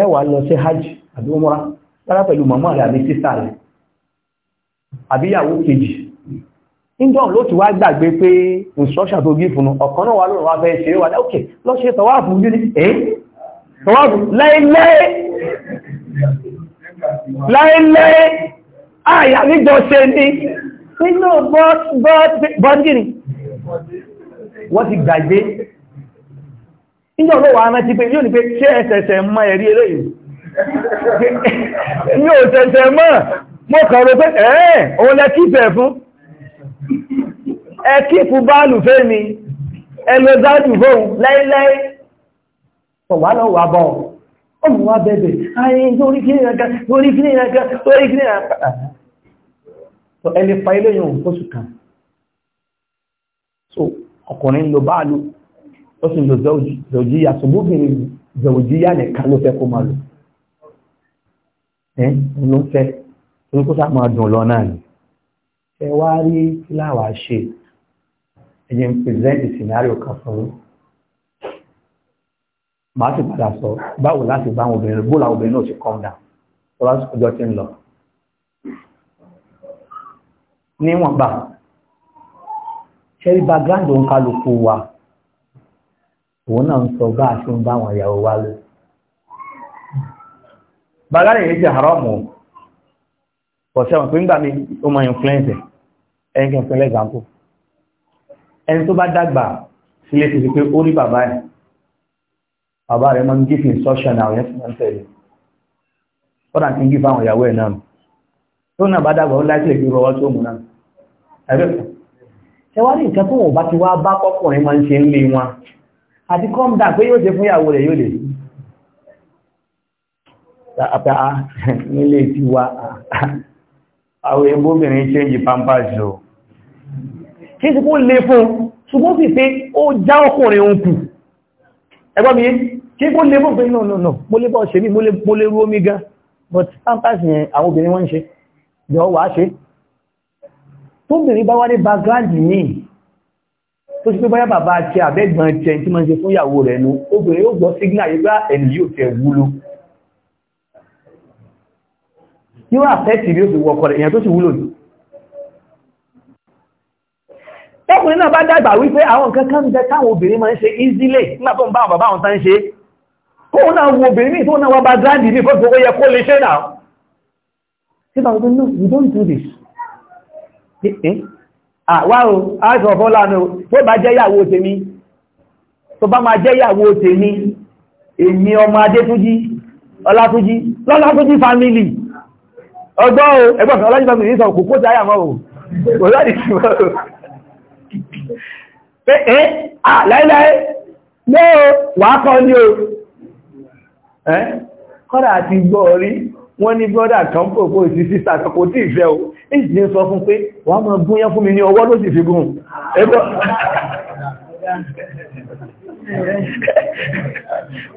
ẹ wà lọ sí hajj àbí umrah rárá pẹ̀lú màmá rẹ̀ àbí sísà rẹ̀ àbíyàwó kejì níjọ́ ló ti wá gbàgbé pé instruction tó gí fún ọ̀kan náà wà lóòrùn wá fẹ́ ṣeré wà lókè lọ ṣe tọwáàfù ní ní ẹ́ tọwáàfù láìlẹ́ àyà níjọ ṣe ní nínú bọ́ọ̀dìrì wọ́n ti gbàgbé níjọ́ ló wà rántí pé yóò ní pé ṣe ẹsẹ̀ẹ̀sẹ̀ mọ́ ẹ̀rí eléyìí mi ò mọ́ mọ́ kọ̀ọ̀rọ̀ pé ẹ̀ẹ́ eh, òun lẹ́kí ìfẹ́ fún ẹ kíkù báàlù fẹ́ mi ẹlẹ́gbàjù fóun láíláí ọ̀wà náà wà bọ̀ ọmọ wa bẹ̀bẹ̀ ayé lórí kí nìyànká lórí kí nìyànká lórí kí nìyànká so ọkùnrin lo báàlù ó sì lo zọjíyà ṣùgbọ́n zọjíyà nìkan ló fẹ́ kó máa lò ẹ́ ló ń fẹ́ torí kó sáà máa dùn lọ náà ni ẹ wá rí láwàá ṣe ẹ̀yìn pẹ̀sẹ̀ntì scenario kan fún un màá sì padà sọ báwo láti bá àwọn obìnrin bóòlù àwọn obìnrin náà ti calm down lọ́wọ́ ọjọ́ tí ń lọ níwọ̀nba ṣẹ́rí background òun kálukú wa òun náà ń sọ bá a ṣe ń bá àwọn ìyàwó wa lò background yìí ti haramu pọ̀ sẹ́wọ̀n pé ń gbà mí ó mọ influence ẹ̀ ẹ̀ ń kí n fún example ẹni tó bá dàgbà sílé ti fi pé ó rí bàbá ẹ̀ bàbá rẹ̀ máa ń gífì instruction àwọn yẹn fún ẹ̀ńtẹ̀lẹ̀ kọ́dà tí ń gífì àwọn ìyàwó ẹ̀ náà tó náà bá dàgbà ó láìsílẹ̀ fi rọwọ́ tó mú náà ẹ̀rẹ́ ṣe wá ní nǹkan tó wọ́n bá ti wá bá pọ́kùnrin máa ń ṣe ń lé wọn àti kọ́m dà pé yóò ṣe fún ìyàwó rẹ̀ yóò lè àpá nílé tiwa àwọn ẹgbẹ́ obìnrin ṣe ń yí pampers lò kí sí kó lè fún ṣùgbọ́n sì pé ó já ọkùnrin òun kù ẹgbọ́n mi kí kó lè fún pé no no no mo lè bọ́ ṣe mí mo lè rú omi gan but pampers yẹn àwọn obìnrin wọ́n ń ṣe jọ wà á ṣe tóbìnrin bá wá ní background míì tó ṣe pé báyá bàbá àti àbẹ́gbọ̀n jẹ tí ma ń ṣe fún ìyàwó rẹ̀ nú obìnrin ah, yóò gbọ́ sígnà yóò gbá ẹni yóò tẹ wúlò yìí tọ́kùnrin náà bá dàgbà wípé àwọn nǹkan kan jẹ káwọn obìnrin máa ń ṣe ìzílẹ̀ nígbàtí wọ́n bá àwọn bàbá wọn tán ṣe kóhun náà wo obìnrin ní tó náà wá bá dáàdì ní fọ́sí owó yẹ kó lè ṣe náà síta wípé no you don't do this eh? ah, wá o aṣọ ọ̀fọ́lá ni tó bá jẹ́ yàwó tèmi tó bá máa jẹ́ yàwó tèmi èmi ọmọ adétúnjí ọlátúnjí lọ́látúnjí family ọgbọ́ o ẹgbọ́n ọlọ́jú family ní sọ kò kó pé ẹ́ àláìláì lóò wà kọ́ ní o ẹ́ kọ́dà àti gbọ́ orí wọ́n ní brọ́dà kan pòpò sí sísà kò tí ìfẹ́ o ìjì sọ fún pé wà mọ́ gúnyán fún mi ní ọwọ́ ló sì fi gùn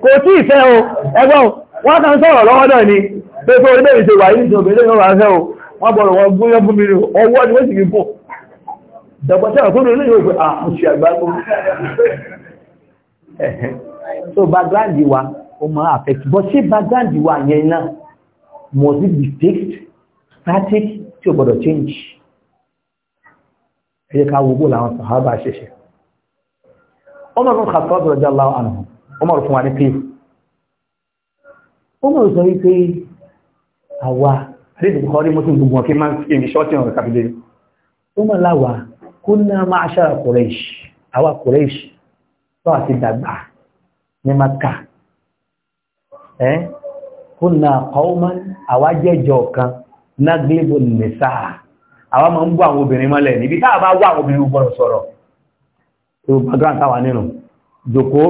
kò tí ìfẹ́ o ẹgbọ́n wọ́n kan sọ̀rọ̀ lọ́wọ́dọ̀ ni pé fún orílẹ̀-èdè wà ní ìṣòbẹ̀lẹ́ dọ̀pọ̀tẹ́ ọ̀kúnrin ilé yóò pé àmúṣì ah, àgbàgbó so background wa ó máa affect but ṣé background wa yẹn náà must it be fixed static tí ò gbọdọ̀ change ẹ jẹ́ ká wogó làwọn sàhábà ṣẹ̀ṣẹ̀ Umar bin Khattab radiyallahu anhu Umar fún wa ní pé Umar sọ wípé àwa àdéhùn kọ́ ní mọ́tò gbogbo ọ̀kí máa ń fi ṣọ́ọ̀tì ọ̀rọ̀ kàbílẹ̀ Umar láwàá kúnná máa ṣára kùrẹ́ṣì àwa kùrẹ́ṣì tó àti dàgbà ní maka qauman àwa jẹ́jọ kan nágbébò nìsá àwa máa ń bú àwọn obìnrin ibi níbi táà bá wá àwọn obìnrin gbọ́rọ̀ sọ̀rọ̀ tó background táwà nínú jòkó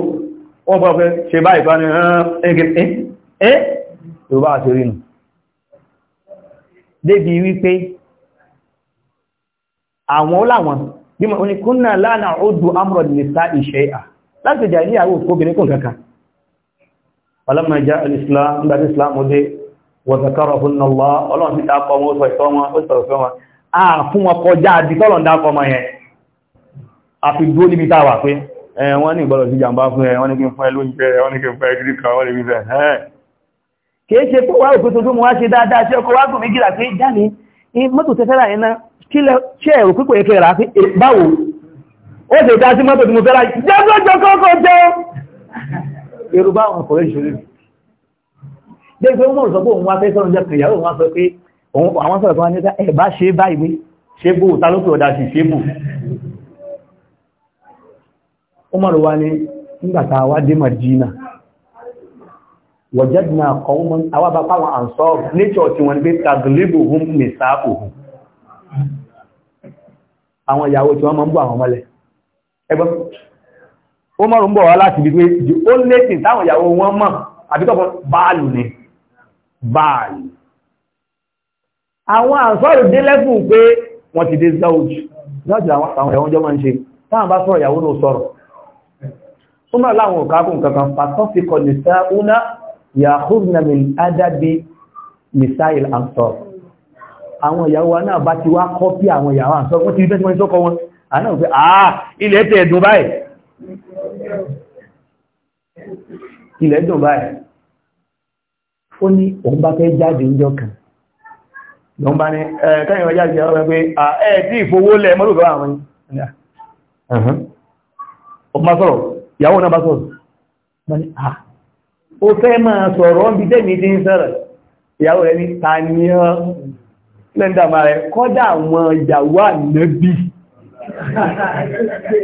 wọ́n bọ́ fẹ́ ṣe àwọn láwọn bí wọ́n ni kúnnà lánàá ó dù amúrọ̀ nìsá ìṣẹ́ à láti jà ní àwọn òkúbìnrin kún kankan ọlọ́mọ̀já islam gbàtí islam dé wọ̀zàkọ́rọ̀ fún nọlọ́ ọlọ́run ti dákọ wọn ó sọ ìfẹ́ wọn ó sọ ìfẹ́ wọn a fún wọn kọjá àbí tọ́lọ̀ dákọ ọmọ yẹn a fi dúró níbi táwà pé wọ́n ní ìgbọ́lọ̀ sí jàmbá fún ẹ wọ́n ní kí n fún ẹ mọ́tò tẹ́fẹ́ra ẹ̀nà ṣe ẹ̀rọ pípò ẹ̀kẹ́ rà sí báwo ó ṣe dá sí mọ́tò tí mo fẹ́ra jẹ́gbẹ́jọ kọ́kọ́ jẹ́ ẹ̀rù bá wọn kọ̀rẹ́ ìṣòro rẹ̀ dẹ́gbẹ́ mọ́ sọ pé òun wá fẹ́ sọ́run jẹ́ kìyàwó wọn sọ pé àwọn sọ̀rọ̀ tó wá níta ẹ̀ bá ṣe báyìí ṣe bò ta ló pè ọ̀dà sí ṣe bò ó mọ̀rọ̀ wá ní nígbà tá a wọ̀jẹ́dìnà kọ́wọ́n àwábápá wọn à ń sọ nature tí wọ́n gbé taglibu hum nìsá òhun àwọn ìyàwó tí wọ́n mọ́ ń bọ́ àwọn mọ́lẹ̀ ẹgbọ́n ó mọ́rún bọ̀ láti bí pé the only thing táwọn ìyàwó wọn mọ̀ àbíkọ́kọ́ báàlù ni báàlù àwọn àǹsọ́rù dé lẹ́fún pé wọ́n ti dé záòjù láti àwọn ìyàwó jọ máa ń ṣe táwọn bá sọ̀rọ̀ ìyàwó láwọn òkàkùn kankan pàtọ́fíkọ̀ nìsá ó náà yàkúrnà min adábi misail amsor àwọn ìyàwó wa náà bá ti wá kọ́pí àwọn ìyàwó àmsọ́ wọ́n ti rí bẹ́sí sọ́kọ́ wọn àná òfin àà ilẹ̀ tẹ̀ dùn báyìí ilẹ̀ dùn báyìí ó ní òun bá fẹ́ jáde níjọ́ kan lọ́n bá ní ẹ̀ẹ́kẹ́yìn ọjá ìjẹ́ ọmọ pé ẹ̀ẹ́ tí ìfowó lẹ̀ mọ́lùkọ́ ó fẹ́ máa sọ̀rọ̀ ń bí tẹ́mì tí ń sọ̀rọ̀ ìyàwó rẹ̀ ní tàníyàn lẹ́ndàmà rẹ̀ kọ́dà àwọn ìyàwó ànẹ́bí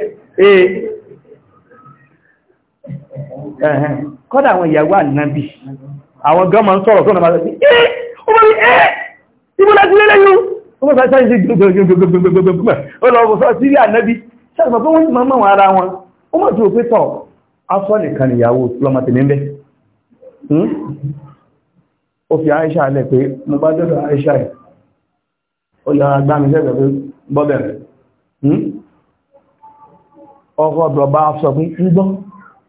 eh. kọ́dà àwọn ìyàwó ànẹ́bí àwọn gọ́mà ń sọ̀rọ̀ sọ́nà máa sọ́rọ̀ ẹ́ ọmọ mi ẹ́ ìbúlá sí lẹ́lẹ́yìn ó mọ́ sáyẹ́ sí gbogbogbogbogbogbogbò ó lọ bọ̀ sọ́ sí rí ànẹ́bí sọ́rọ̀ pé wọ́n Hmm? ó fi Aisha alẹ́ pé mo bá dọ́dọ̀ Aisha ẹ̀ ó yọra gbá mi sẹ́gbẹ̀ pé gbọ́bẹ̀rẹ̀ hmm? ọkọ̀ bọ̀bá sọ pé ń gbọ́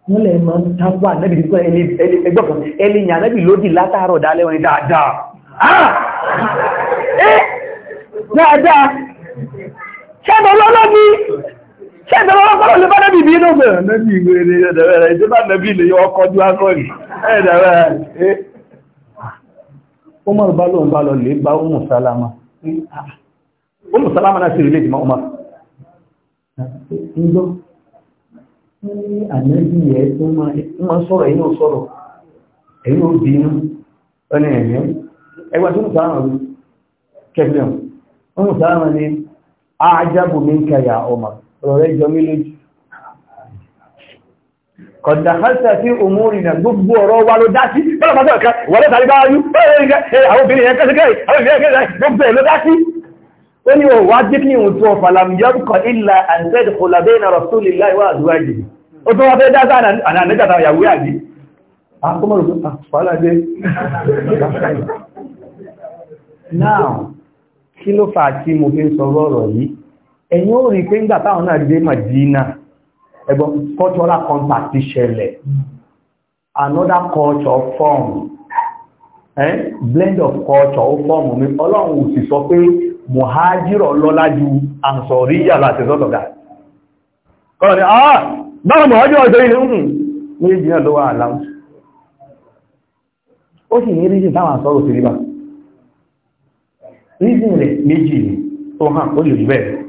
wọ́n lè máa ń tábà nẹ́bì tí kọ́ ẹgbẹ́ kan ẹlìyàn nẹ́bì lódì látàárọ̀ dálẹ́ wọn dáadáa ah! eh! dáadáa ṣẹ́bọ̀ lọ́lọ́bí ṣé ìjọba wọn kọ́ lè bá nẹ́bì bí inú bẹ̀rẹ̀ nẹ́bì ìwé ni ẹ̀dẹ̀rẹ̀ rẹ̀ ìjọba nẹ́bì lè yọ ọkọ̀ ju akọ́ ni ẹ̀dẹ̀rẹ̀ rẹ̀ ó mọ̀ bá lóun bá lọ lè bá Umu Salama Umu Salama náà sì rí léjì mọ́ ọmọ ńgbọ́ ní ànẹ́bì yẹn tó máa sọ̀rọ̀ inú sọ̀rọ̀ èyí ó bí inú ẹni ẹ̀mí ẹgbẹ́ tó ń sáà kẹfìlẹ̀ Umu Salama ni ajabu minka ya Umar ọ̀rọ̀ rẹ̀ jọ mí lójú kọ̀dà hálsà sí òmúrin náà gbogbo ọ̀rọ̀ wa ló dásí bọ́lọ̀pàá ọ̀kan wọ́lọ́ tàbí bá yú àwọn obìnrin yẹn kẹsẹ̀kẹ́ àwọn obìnrin kẹsẹ̀kẹ́ gbogbo ẹ̀ ló dásí ó ní wọ́n wá jẹ́ kí ní òtún ọ̀fà làmìyàn kọ̀ ilà àǹtẹ́dì kòlàbẹ́nà rọ̀súlì láìwá ẹ̀yìn ó rí pé ń gbàtàwọn náà dé Madina ẹgbọ́n cultural contact ti ṣẹlẹ̀ another culture form eh? blend of culture ó form mi ọlọ́run ò sì sọ pé mohajiro lọ́lá ju ansoriya láti sọ́tọ̀ kọ́lọ̀ ni ah báwọn mohajiro ilé ń ó sì ní táwọn sí rí bá rẹ̀ méjì hàn ó lè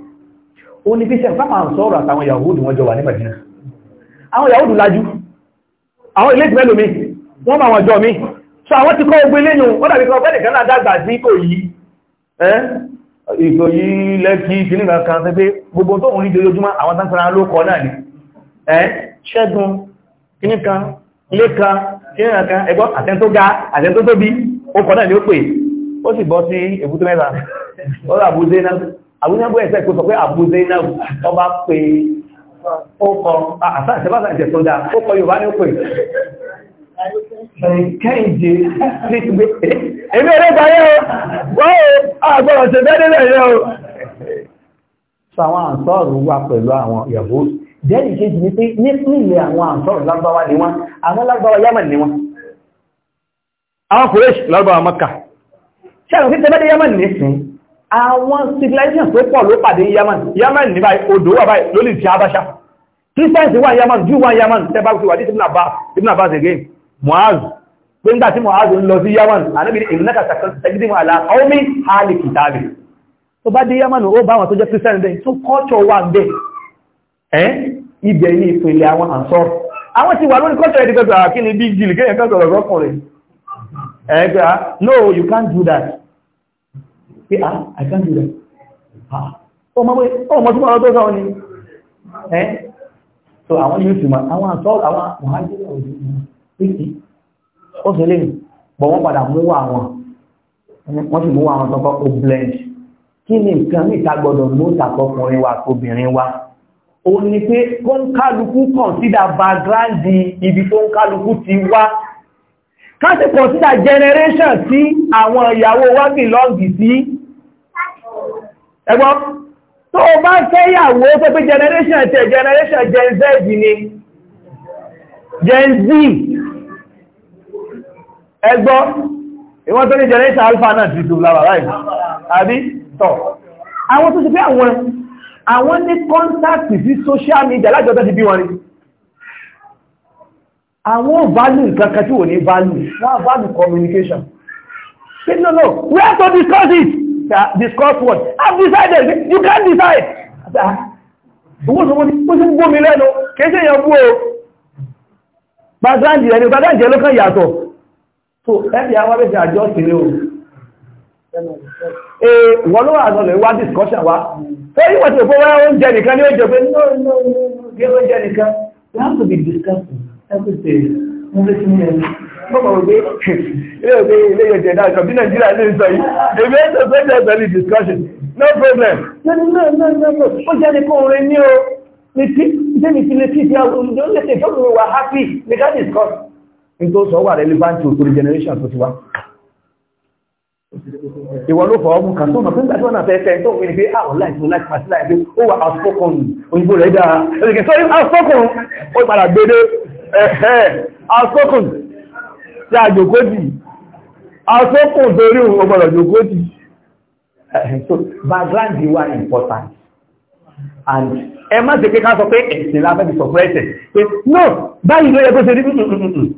òun ni christian sáàmà ń sọ́rọ̀ àtàwọn yahudu wọn jọ wà ní Madina àwọn yahudu lájú àwọn ilé ìpínlẹ̀ lómi wọ́n ma wọn jọ mi so àwọn ti kọ́ ogun iléyìn ó dàbí kọ́ pẹ́lẹ̀ kanáà dàgbà sí kò yí ìkò yí lẹ́kí kìnnìkan kan sí pé gbogbo tó ń rí dojojúmọ́ àwọn tánsara ló kọ náà ni ṣẹ́gun kìnnìkan lẹ́kan kìnnìkan ẹgbọ́ àtẹ́ntó ga àtẹ́ntó tóbi ó kọ náà ni ó pè ó sì bọ́ sí èbúté ó rà bú àwúnyàgbọ́ ẹ̀sẹ̀ kò sọ pé Abu Zainab ọba pé ókọ ah, àṣàṣẹ́bàṣà ìjẹ̀ tó dáa ókọ Yorùbá ní ó pè kẹ́ìjì ní ti gbé ẹ̀mí ẹ̀rẹ́gbàáyé o wọ́n àgbọ̀rọ̀ ṣe bẹ́ẹ̀ dẹ́rì kejì ní pé nípìnlẹ̀ àwọn àǹsọ́rọ̀ lágbàwà ní wọn àwọn lágbàwà Yaman ní wọn àwọn Quraysh lágbàwà Makkah ṣe àwọn fífẹ́ mẹ́dẹ̀ Yaman ní sin àwọn civilization tó pọ̀ ló pàdé Yaman Yaman ní báyìí odò wà báyìí ló lè jẹ́ Abáṣá Christians wà Yaman Jew wà Yaman tẹ́bá fi wà ní Ibn Abbas again Muaz pé ń gbà tí Muaz ń lọ sí Yaman anábìrí ìlú náà tàkìdí wọn àlà ọmí hálì kìtàbì tó bá dé Yaman ó bá wọn tó jẹ́ Christian dẹ̀ tó culture wà ń bẹ̀ ẹ́ ibẹ̀ ní ìpìlẹ̀ àwọn àǹsọ́rọ̀ àwọn ti wà lórí culture ẹ̀dẹ́gbẹ̀gbẹ̀ àkíní big deal kéèyàn kan sọ̀rọ̀ rọ́kùnrin ẹ̀ẹ́gbẹ̀ no you can't do that pé ah I can't do that ah ọmọ pé ọmọ tó máa tó sọ ni ẹ so àwọn yóò fi mọ àwọn àtọ àwọn mọ̀hájúlẹ̀ òjò pèsè ó sì lè bọ̀ wọ́n padà mú wà wọn wọ́n sì mú wà wọn tọkọ ó blend kí ni nǹkan níta gbọdọ̀ mú tàkọkùnrin wa tóbìnrin wa òun ni pé kó ibi tó ń kálukú káti consider generation tí àwọn ìyàwó wa bìlọ́ǹgì sí ẹgbọ́n tó o bá fẹ́ yàwó tó pé generation tẹ generation gen z ni gen z ẹgbọ́n ìwọ́n tó ní generation alpha náà ti tó lára láì àbí tọ̀ àwọn tó ti pé àwọn àwọn ní contact sí social media lájọ́ tó ti bí wọn ni àwọn value kankan tí wò ní value wọ́n value communication say no no we have to discuss it discuss what I've decided you can't decide wọ́n sí gbómi lẹ́nu kéṣe yẹn bú o background ẹni background ẹ lókàn yàtọ̀ so ẹbí àwọn abẹ́sẹ̀ àjọ sílé o ee wọ́n ló wà lọ́lẹ̀ wá discussion wá so yí wọ́n ti fọwọ́ oúnjẹ nìkan ní oúnjẹ pé no no no oúnjẹ nìkan we have to be discussing everything everything else Mọ́kàn wọ́n pé ilé òkè ilé ìjẹ̀ náà ṣọ̀ bí Nàìjíríà lè sọ yìí, èmi ẹ́ sọ sọ́jọ́ ìsọ̀lì discussion, no problem. Lẹ́nu náà no náà No, ó jẹ́ ní kó orin ní o, ní tí, ṣé ní ti lè tí ti àwọn olùdókòtò tó lè wà happy, We can discuss. Ní tó sọ wà relevant to the generation tó ti wá ìwọ ló fọ ọmọ kan tó mọ̀ pínlẹ̀ tó náà fẹ́ẹ̀fẹ́ tó wí ní pé àwọn láìsí láti pàtí láìpé ó wà outspoken òyìnbó rẹ̀ dáa ẹ̀rìnkẹ́ sọ́rí outspoken ó padà baby. ẹ̀ẹ́ asókùn tí a jòkótì asókùn torí ọgbọ̀rọ̀ jòkótì so background wa important and ẹ má ṣe kéka sọ pé ẹ̀sìn lábẹ́ bí sọ pẹ́ẹ̀sẹ̀ pé no báyìí ló yẹ kó ṣe rí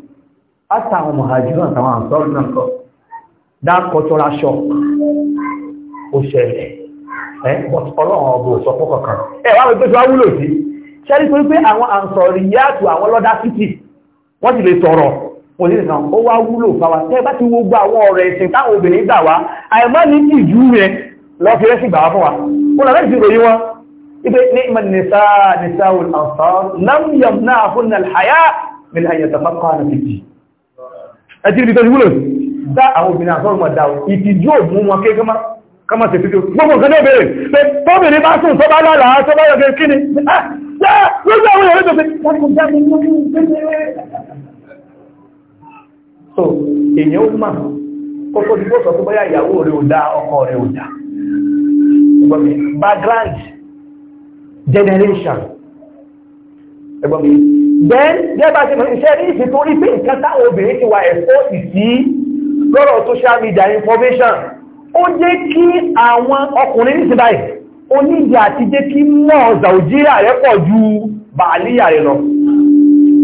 àtàwọn ṣẹ́rí torí pé àwọn àǹsọ̀rí yàtù àwọn lọ́dá títì wọ́n ti lè sọ̀rọ̀ òní nìkan ó wá wúlò fáwa tẹ́ bá ti wo gba àwọn ọ̀rọ̀ ẹ̀sìn táwọn obìnrin gbà wá àìmọ́ ní kí ìjú rẹ̀ lọ fi rẹ́sì gbà wá fún wa ó lọ rẹ́sì ròyìn wọn ipe ní ìmọ̀ nìsá nìsá olùsọ́ lámúyàm náà fún nàlhàyà mìlá ìyàtàfà kan fìdí ẹ ti rí tó ti wúlò dá àwọn obìnrin àsọ́rùn mọ̀ dáwọ̀ gbogbo nǹkan náà bèèrè pé tóbìnrin bá sùn tó bá lálàá tó bá yọ̀gẹ̀ kí ni ah! gbá lójú àwọn èèyàn lójọ́fẹ́ lákọjá mi ló so èèyàn ó mà kókó ti bó sọ pé bóyá ìyàwó rẹ̀ ò dá ọkọ rẹ̀ ò dá ẹgbọ́n background generation ẹgbọ́n mi then jẹ́ bá ti mọ̀ iṣẹ́ ní ìsìn tó rí pé nǹkan táwọn obìnrin ti wà ẹ̀fọ́ ìsí lọ́rọ̀ social media information ó jẹ́ kí àwọn ọkùnrin nísìnyí báyìí onídìí àti jẹ́ kí mọ́ zàújíyà rẹ̀ pọ̀ ju bàálíyà rẹ̀ lọ.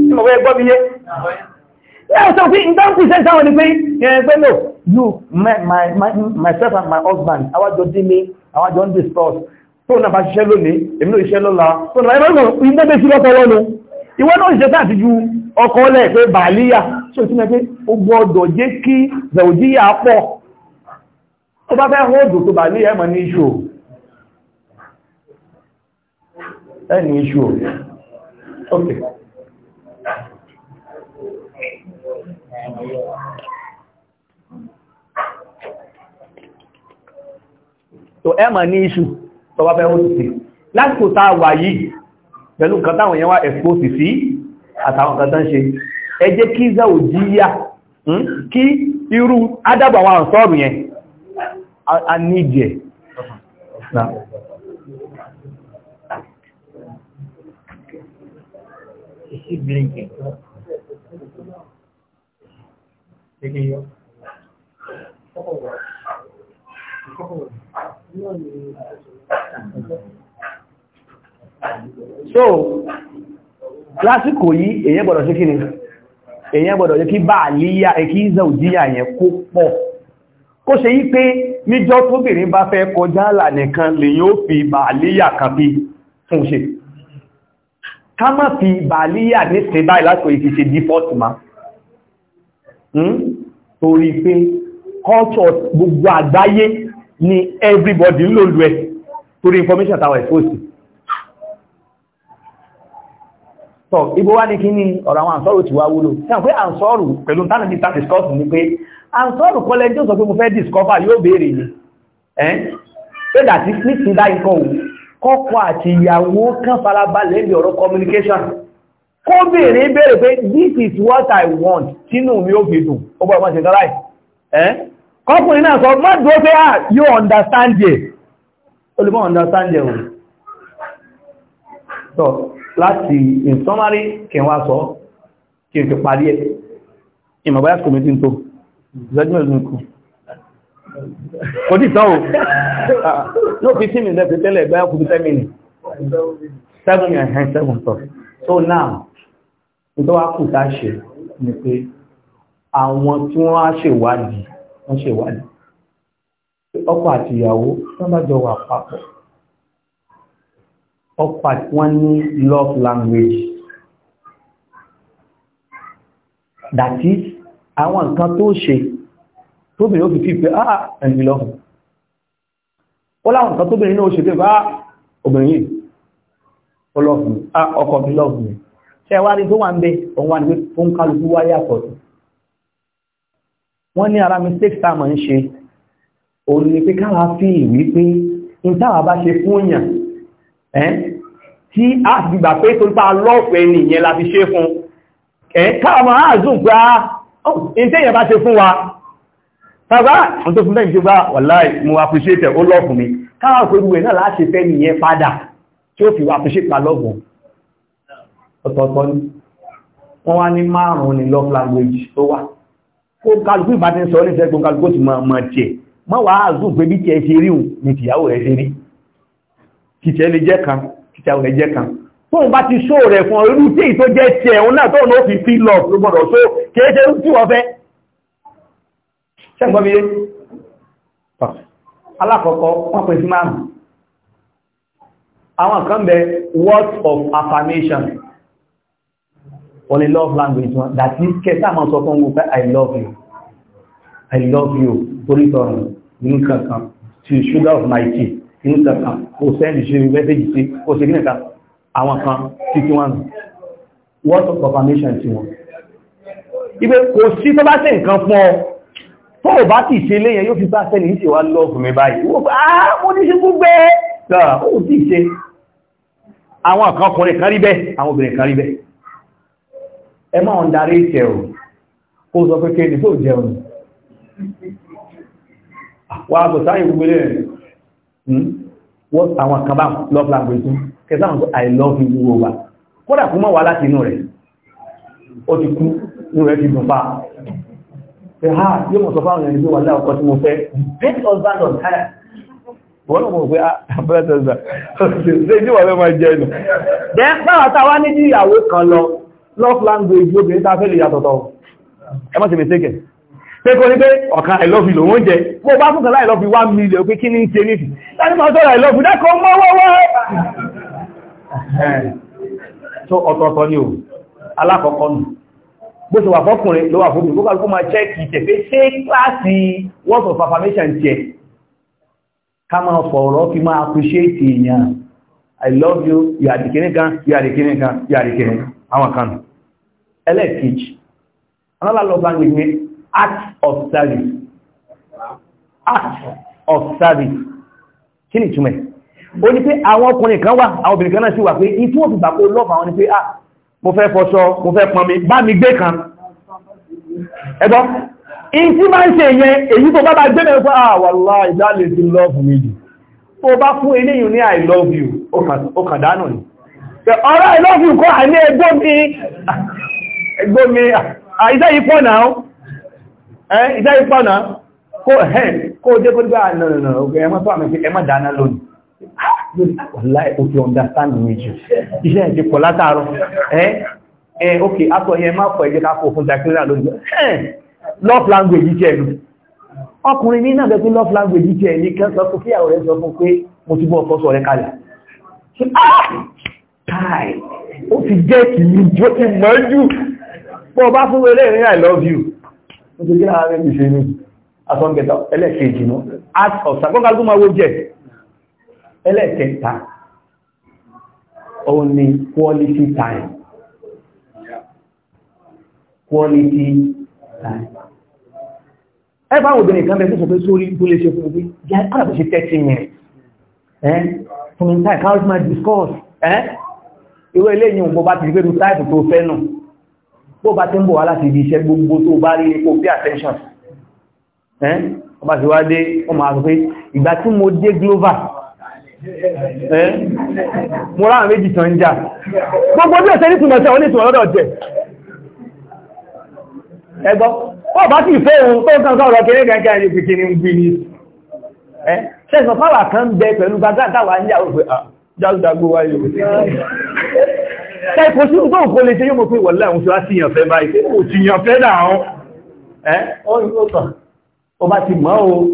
Tí mọ̀ wẹ́ gbọ́ bí yé? Ẹ̀sọ́ pé ìgbà ń pìsẹ́ sáwọn ni pé, ẹgbẹ́ lò, you, my, my, myself and my husband, àwájọ dílé, àwájọ ń discuss, tó náà bá ṣiṣẹ́ lónìí, èmi náà iṣẹ́ lọ́la, tó náà ẹgbẹ́ lò, ìgbẹ́gbẹ́ sí lọ́kọ̀ lọ́nu. Ìwọ́n náà ṣiṣẹ́ sáà ti ju ọkọ̀ lẹ̀ pé bàálíyà, ṣe ò túnmẹ́ pé ó gbọ́dọ̀ jẹ́ kí zàújíyà pọ̀. any issue. Okay. So ẹ mọ̀ ní issue tó bá ó ti lásìkò tá wà yìí pẹ̀lú nǹkan táwọn èèyàn wá expose sí àtàwọn nǹkan tán ṣe ẹ kí ìzà ò jíyà hmm? kí irú yẹn a ní sí blinking kan. Ṣé kí n yọ? So, lásìkò yìí, èyàn gbọ́dọ̀ ṣe kí ni? Èyàn gbọ́dọ̀ yẹ kí bá àlíyà, ẹkí ìzẹ̀ òjíyà yẹn kó pọ̀. Kó ṣe yí pé níjọ́ tóbìnrin bá fẹ́ kọjá là nìkan lèyàn ó fi bá àlíyà kan fún ṣe ká má fi bàálíyà ní ṣẹ̀bá ìlàsọ̀ ìfi ṣe ma hmm? torí pé culture gbogbo àgbáyé ni everybody ló lù ẹ torí information tàwọn ẹ̀fọ́sì tọ́ ibo wá ní kí ní ọ̀rọ̀ àwọn àǹsọ́rù ti wá wúlò tí a pé àǹsọ́rù pẹ̀lú tánà ní tàbí discuss ní pé àǹsọ́rù ni ẹ́ pé kọ́kọ́ àti ìyàwó kan farabalẹ̀ ní ọ̀rọ̀ communication kó bèèrè bèèrè pé this is what I want tínú mi ó fi dùn ọgbọ́n ọmọ ṣẹ̀kọ́ láì ẹ́ kọ́kùnrin náà sọ mọ́ dúró pé à ah, yóò understand yẹ olùmọ́ understand yẹ o so láti in summary kí n wá sọ kí n fi parí ẹ̀ ìmọ̀báyà kòmìtì tó ìzẹ́jú mẹ́rin kù kò tí tán o no fifteen minutes lẹ́fẹ̀ẹ́ tẹ́lẹ̀ ẹgbẹ́ kò tí ten minutes seven and eh, eh, seven tọ̀ so now nítorí wá kù tá a ṣe ni pé àwọn tí wọ́n á ṣèwádìí wọ́n ṣèwádìí ọkọ àti ìyàwó wọ́n bá jọ wà papọ̀ ọkọ àti wọ́n ní love language that is àwọn nǹkan tó ṣe tóbìnrin ó fi fífẹ́ àà ẹni lọ́hùn ó láwọn nǹkan tóbìnrin náà ó ṣe pé bá ah, obìnrin yìí ọlọ́hùn ah, ọkọ mi lọ́hùn ṣe wá rí tó wà ń bẹ òun wà ní pé ó ń kálukú wáyé àtọ̀tọ̀ wọ́n ní ara mistake tá a máa ń ṣe òun ni pé káwa fi ìwé pé n táwa bá ṣe fún èèyàn tí a ti gbà pé torípa lọ́ọ̀pù ẹni ìyẹn la fi ṣe fún ẹ̀ káwa máa zoom pé ah ní tẹ́yìn bá ṣe fún wa bàbá àwọn tó fún lẹ́yìn tí ó bá wàláì mo appreciate ó lọ́ fún mi káwọn pẹ̀lú ẹ̀ náà láti fẹ́ nìyẹn padà tí ó fi wà appreciate pa lọ́gùn ọ̀tọ̀ọ̀tọ̀ ni wọ́n wá ní márùn-ún ní love language tó wà kó kálukú ìbá ti ń sọ nífẹ̀ẹ́ kó kálukú ti mọ̀ mọ̀ tiẹ̀ mọ́ wàá àzùn pé bí tiẹ̀ ṣe ríhùn ni tìyàwó rẹ̀ ṣe rí tìtẹ̀ lè jẹ́ kan tìtẹ̀ rẹ̀ jẹ́ kan tóun bá ti ṣó rẹ̀ fún ọ irú tí ì tó jẹ́ tiẹ̀ òun náà tóun ó fi feel love ló gbọ́dọ̀ ṣó kéèké tí wọ́n fẹ́ ṣẹ́gbọ́n mi yé alákọ̀ọ́kọ́ wọ́n pè sí márùn-ún àwọn kan bẹ words of affirmation wọ́n the love language wọn that is kẹta àwọn sọ fún gbogbo i love you i love you torí tọrùn nínú kankan to sugar of my tea nínú kankan o send you a message sí o ṣe kí àwọn kan títí wọn words of affirmation ti wọn ibẹ̀ kò sí tó bá nǹkan fún ọ tó ò bá ti ṣe léyìn yóò fi bá sẹ́ni ìṣe wá lọ fún mi báyìí wọ́n bá ah, mo ní ṣe gbogbo ẹ̀ náà ó ti ṣe àwọn kan ọkùnrin kan rí bẹ́ẹ̀ àwọn obìnrin kan rí bẹ́ẹ̀ ẹ máa ń darí ìṣẹ̀ o kó sọ pé kéde tó jẹun ah, wà hmm? love language kẹsàn i love you gbogbo wa kódà kó mọ̀ wá láti inú rẹ̀ kú inú rẹ̀ ti dùn pa ha yóò mọ̀ sọ fáwọn ẹni wà láàkọ́ tí mo fẹ́ great husband on hire wọ́n mọ̀ pé àbẹ́sẹ̀sẹ̀ ṣe ìdíwà fẹ́ máa jẹ́ ẹnu dẹ́ báwọn táwa ní bí ìyàwó kan lọ love language obìnrin tá fẹ́ lè yàtọ̀tọ̀ ẹ má ṣe mistake pé kò ní pé ọ̀kan i love you lòun jẹ mo bá fún kan love you wá mi lè pé kí ní ṣe nífi láti máa i love you dẹ́kọ̀ mọ́ wọ́wọ́ so ọ̀tọ̀ọ̀tọ̀ ni o alákọ̀ọ́kọ́ nù bó ṣe wà fọ́kùnrin ló wà fún mi kókàlùkù máa chẹ́kì tẹ̀fẹ́ ṣe kíláàsì words of affirmation tiẹ̀ ká máa fọ̀rọ̀ fi máa appreciate èèyàn i love you yàdìkíní kan yàdìkíní kan yàdìkíní àwọn kan ẹlẹ́ẹ̀kejì another love language ni act of service act of service kí ni ìtumọ̀ ó ní pé àwọn ọkùnrin kan wà àwọn obìnrin kan náà sì wà pé ìtumọ̀ fi gbà pé love àwọn ni pé ah mo fẹ́ fọṣọ mo fẹ́ bá mi gbé kan ẹgbọ́ in tí máa ń ṣe yẹn èyí tó bá bá gbé mẹ́rin fún àwàlá ìdálẹ̀ sí love me jù tó bá fún eléyìn ní i love you ó kàn dánù ni ọ̀rọ̀ i love you kọ́ àní ẹgbọ́ mi ẹgbọ́ mi láì ó ti understand me jù iṣẹ́ ẹ̀ ti ẹ́ ok aṣọ yẹn má pọ̀ ẹ̀jẹ̀ ká fún jacqueline lónìí love language jẹ́ ẹ̀lú ọkùnrin ní náà gẹ́gẹ́ love language jẹ́ ẹ̀lú kan sọ fún kíyàwó rẹ̀ sọ fún pé mo ti bọ́ ọkọ̀ rẹ̀ kalẹ̀ ah! i love you ẹlẹ́ẹ̀kẹta òun ni quality time quality time ẹ bá àwọn obìnrin kan bẹ tó sọ pé sórí tó lè ṣe fún orí yá kọ́nà tó ṣe 30 minutes ẹ́ fún mi táì káwọn máa discuss ẹ́ irú eléyìn òun bó bá ti rí pé táìpù tó fẹ́ nù bó bá ti ń bọ̀ wá láti ibi iṣẹ́ gbogbo tó bá rí kó pay attention ẹ́ ọba ti wá dé wọ́n máa sọ pé ìgbà tí mo dé Glover mo ráwọn méjì tán ń jà gbogbo bí ọ̀sẹ̀ nítùmọ̀ sí àwọn onítùmọ̀ lọ́dọ̀ jẹ ẹgbọ́ ó bá sì fẹ́ ohun tó kàn sọ́rọ̀ kéré gẹ́gẹ́ ayé kékeré ń gbí ní ṣẹ́sàn fáwà kan bẹ pẹ̀lú gbagdáwà ń yàwó pé jáúdàgbó wáyé ṣe kò sí tó kò lè ṣe yóò mọ̀ pé wọ̀lá òun tí wá sí ìyànfẹ́ báyìí kò ti yànfẹ́ dáhùn ẹ́ ó yóò tàn ó bá ti mọ́ o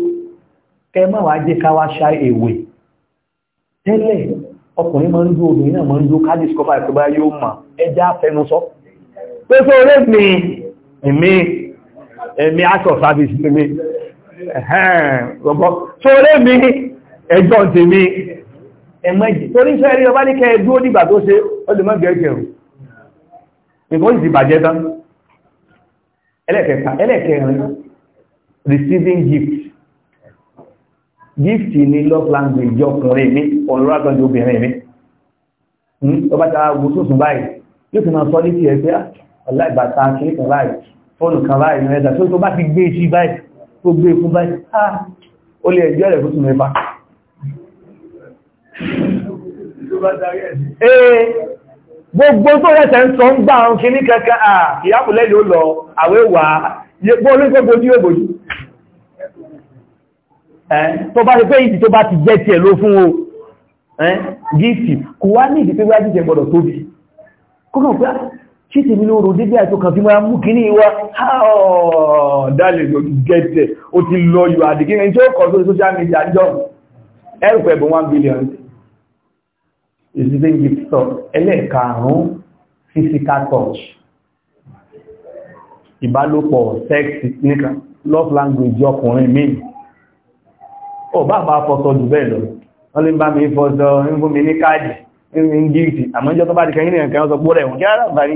kẹ mọ́ wá jẹ́ ká wá ṣá èwe tẹ́lẹ̀ ọkùnrin máa ń dú obìnrin náà máa ń dú kádìsì kọfà ìpẹ́bá yóò mà ẹjá fẹnusọ pé tó rẹ̀ mi èmi èmi aṣọ service mi ẹ̀hẹ́n rọ̀bọ́ tó rẹ̀ mi ẹjọ́ ti mi ẹ̀mẹ́jì torí iṣẹ́ rí ọba ní kẹ́ dúó dìgbà tó ṣe ọdúnmọ́gẹ̀ẹ́gẹ̀rún nǹkan ìsì bàjẹ́ tán ẹlẹ́kẹ̀ẹ́rin receiving gift gift ni love language ọkùnrin mi ọ̀rọ̀ àgbàjọ obìnrin mi ọba hmm, ta gbùsùsùn báyìí yóò fi máa sọ ní ti ẹ̀ pé ah, aláìbàtà kìí kan báyìí fóònù kan báyìí ní ẹ̀dà tó bá ti gbé sí báyìí tó gbé fún báyìí ah, ó lè ẹjọ́ rẹ̀ fún mẹ́fà eh, gbogbo tó rẹ̀ tẹ́ ń sọ ń gbà ń kí ní kẹ́kẹ́ à kìyàpùlẹ́ yóò lọ àwẹ́wàá yẹ tó bá ti pé ìsì tó bá ti jẹ́ tiẹ̀ ló fún o gíìsì kò wá ní ìdí pé wá jíjẹ gbọ́dọ̀ tóbi kókàn pé ah, ṣí tèmi ló rò dédé àìtò kan fi máa mú kí ní ìwá ah, oh, dáàlè ló gẹ́tẹ̀ ó ti lọ yóò àdìkí ní tí social media jọ ẹrù pẹ̀bù 1 billion ìsìnkú gift stop ẹlẹ́ẹ̀karùn physical touch ìbálòpọ̀ sex love language ọkùnrin mìíràn ò bá bá fọ́sọ jù bẹ́ẹ̀ lọ wọ́n lè bá mi fọ́sọ ń fún mi ní káàdì ń gíìtì àmọ́jọ́ tó bá ti kẹyìn nìkan sọ pọ́ rẹ̀ wọ́n kí ara bà ní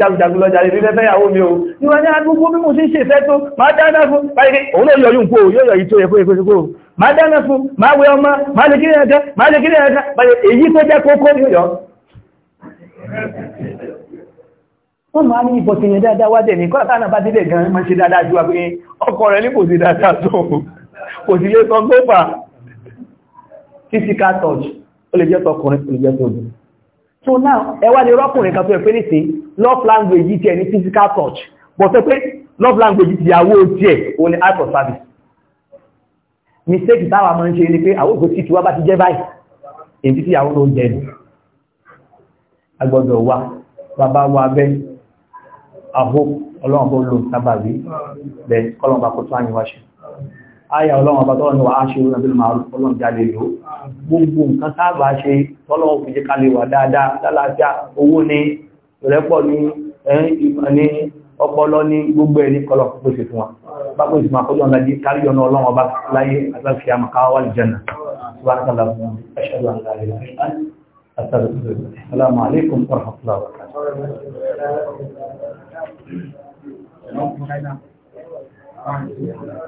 jágújágú lọ́jà lè fífẹ́ fẹ́yàwó mi o ní wọ́n ní agbógbó mímú sí ṣe fẹ́ tó máa dáná fún báyìí òun náà yọyún kó yóò yọyí tó yẹ kó yẹ kó máa dáná fún máa wẹ ọmọ máa lè kí ní ẹ̀kẹ́ máa lè kí dáadáa wádẹ̀ ní kọ́lá tánà bá délẹ̀ gan-an máa ṣe dáadáa ju àpẹẹrẹ ọkọ̀ rẹ̀ ní kò sí dáadáa tó kò sọ tó fà physical touch ó lè jẹ́ tọkùnrin ó lè jẹ́ tọ́jú so now ẹwà ni rọ́kùnrin kan tó ẹ̀ pé nìsín love language yìí tiẹ̀ ní physical touch but ẹ pé love language ti àwọ̀ tiẹ̀ òun ni act of service mistake táwa máa ń ṣe ni pé àwọn òkú títí wá bá ti jẹ́ báyìí èyí tí àwọn oúnjẹ ni agbọ́dọ̀ wa bàbá wa bẹ́ àhó ọlọ́run bó lò sábàbí bẹ́ẹ̀ kọ́lọ́run bá kó tó àyíwá ṣe ayà ọlọ́run ọba tọ́rọ ni wà á ṣe orí ọdún máa ọlọ́run jáde lò gbogbo nǹkan sáàbà ṣe tọ́lọ́run fi jẹ́ ká lè wà dáadáa lálàáfíà owó ni ìrẹ́pọ̀ ni ìmọ̀ ni ọpọlọ ni gbogbo ẹni kọlọ pèsè fún wa bákan ìsìnkú àkójọ ọ̀nà di kárí ọ̀nà ọlọ́run ọba láyé àtàkì àmàkáwà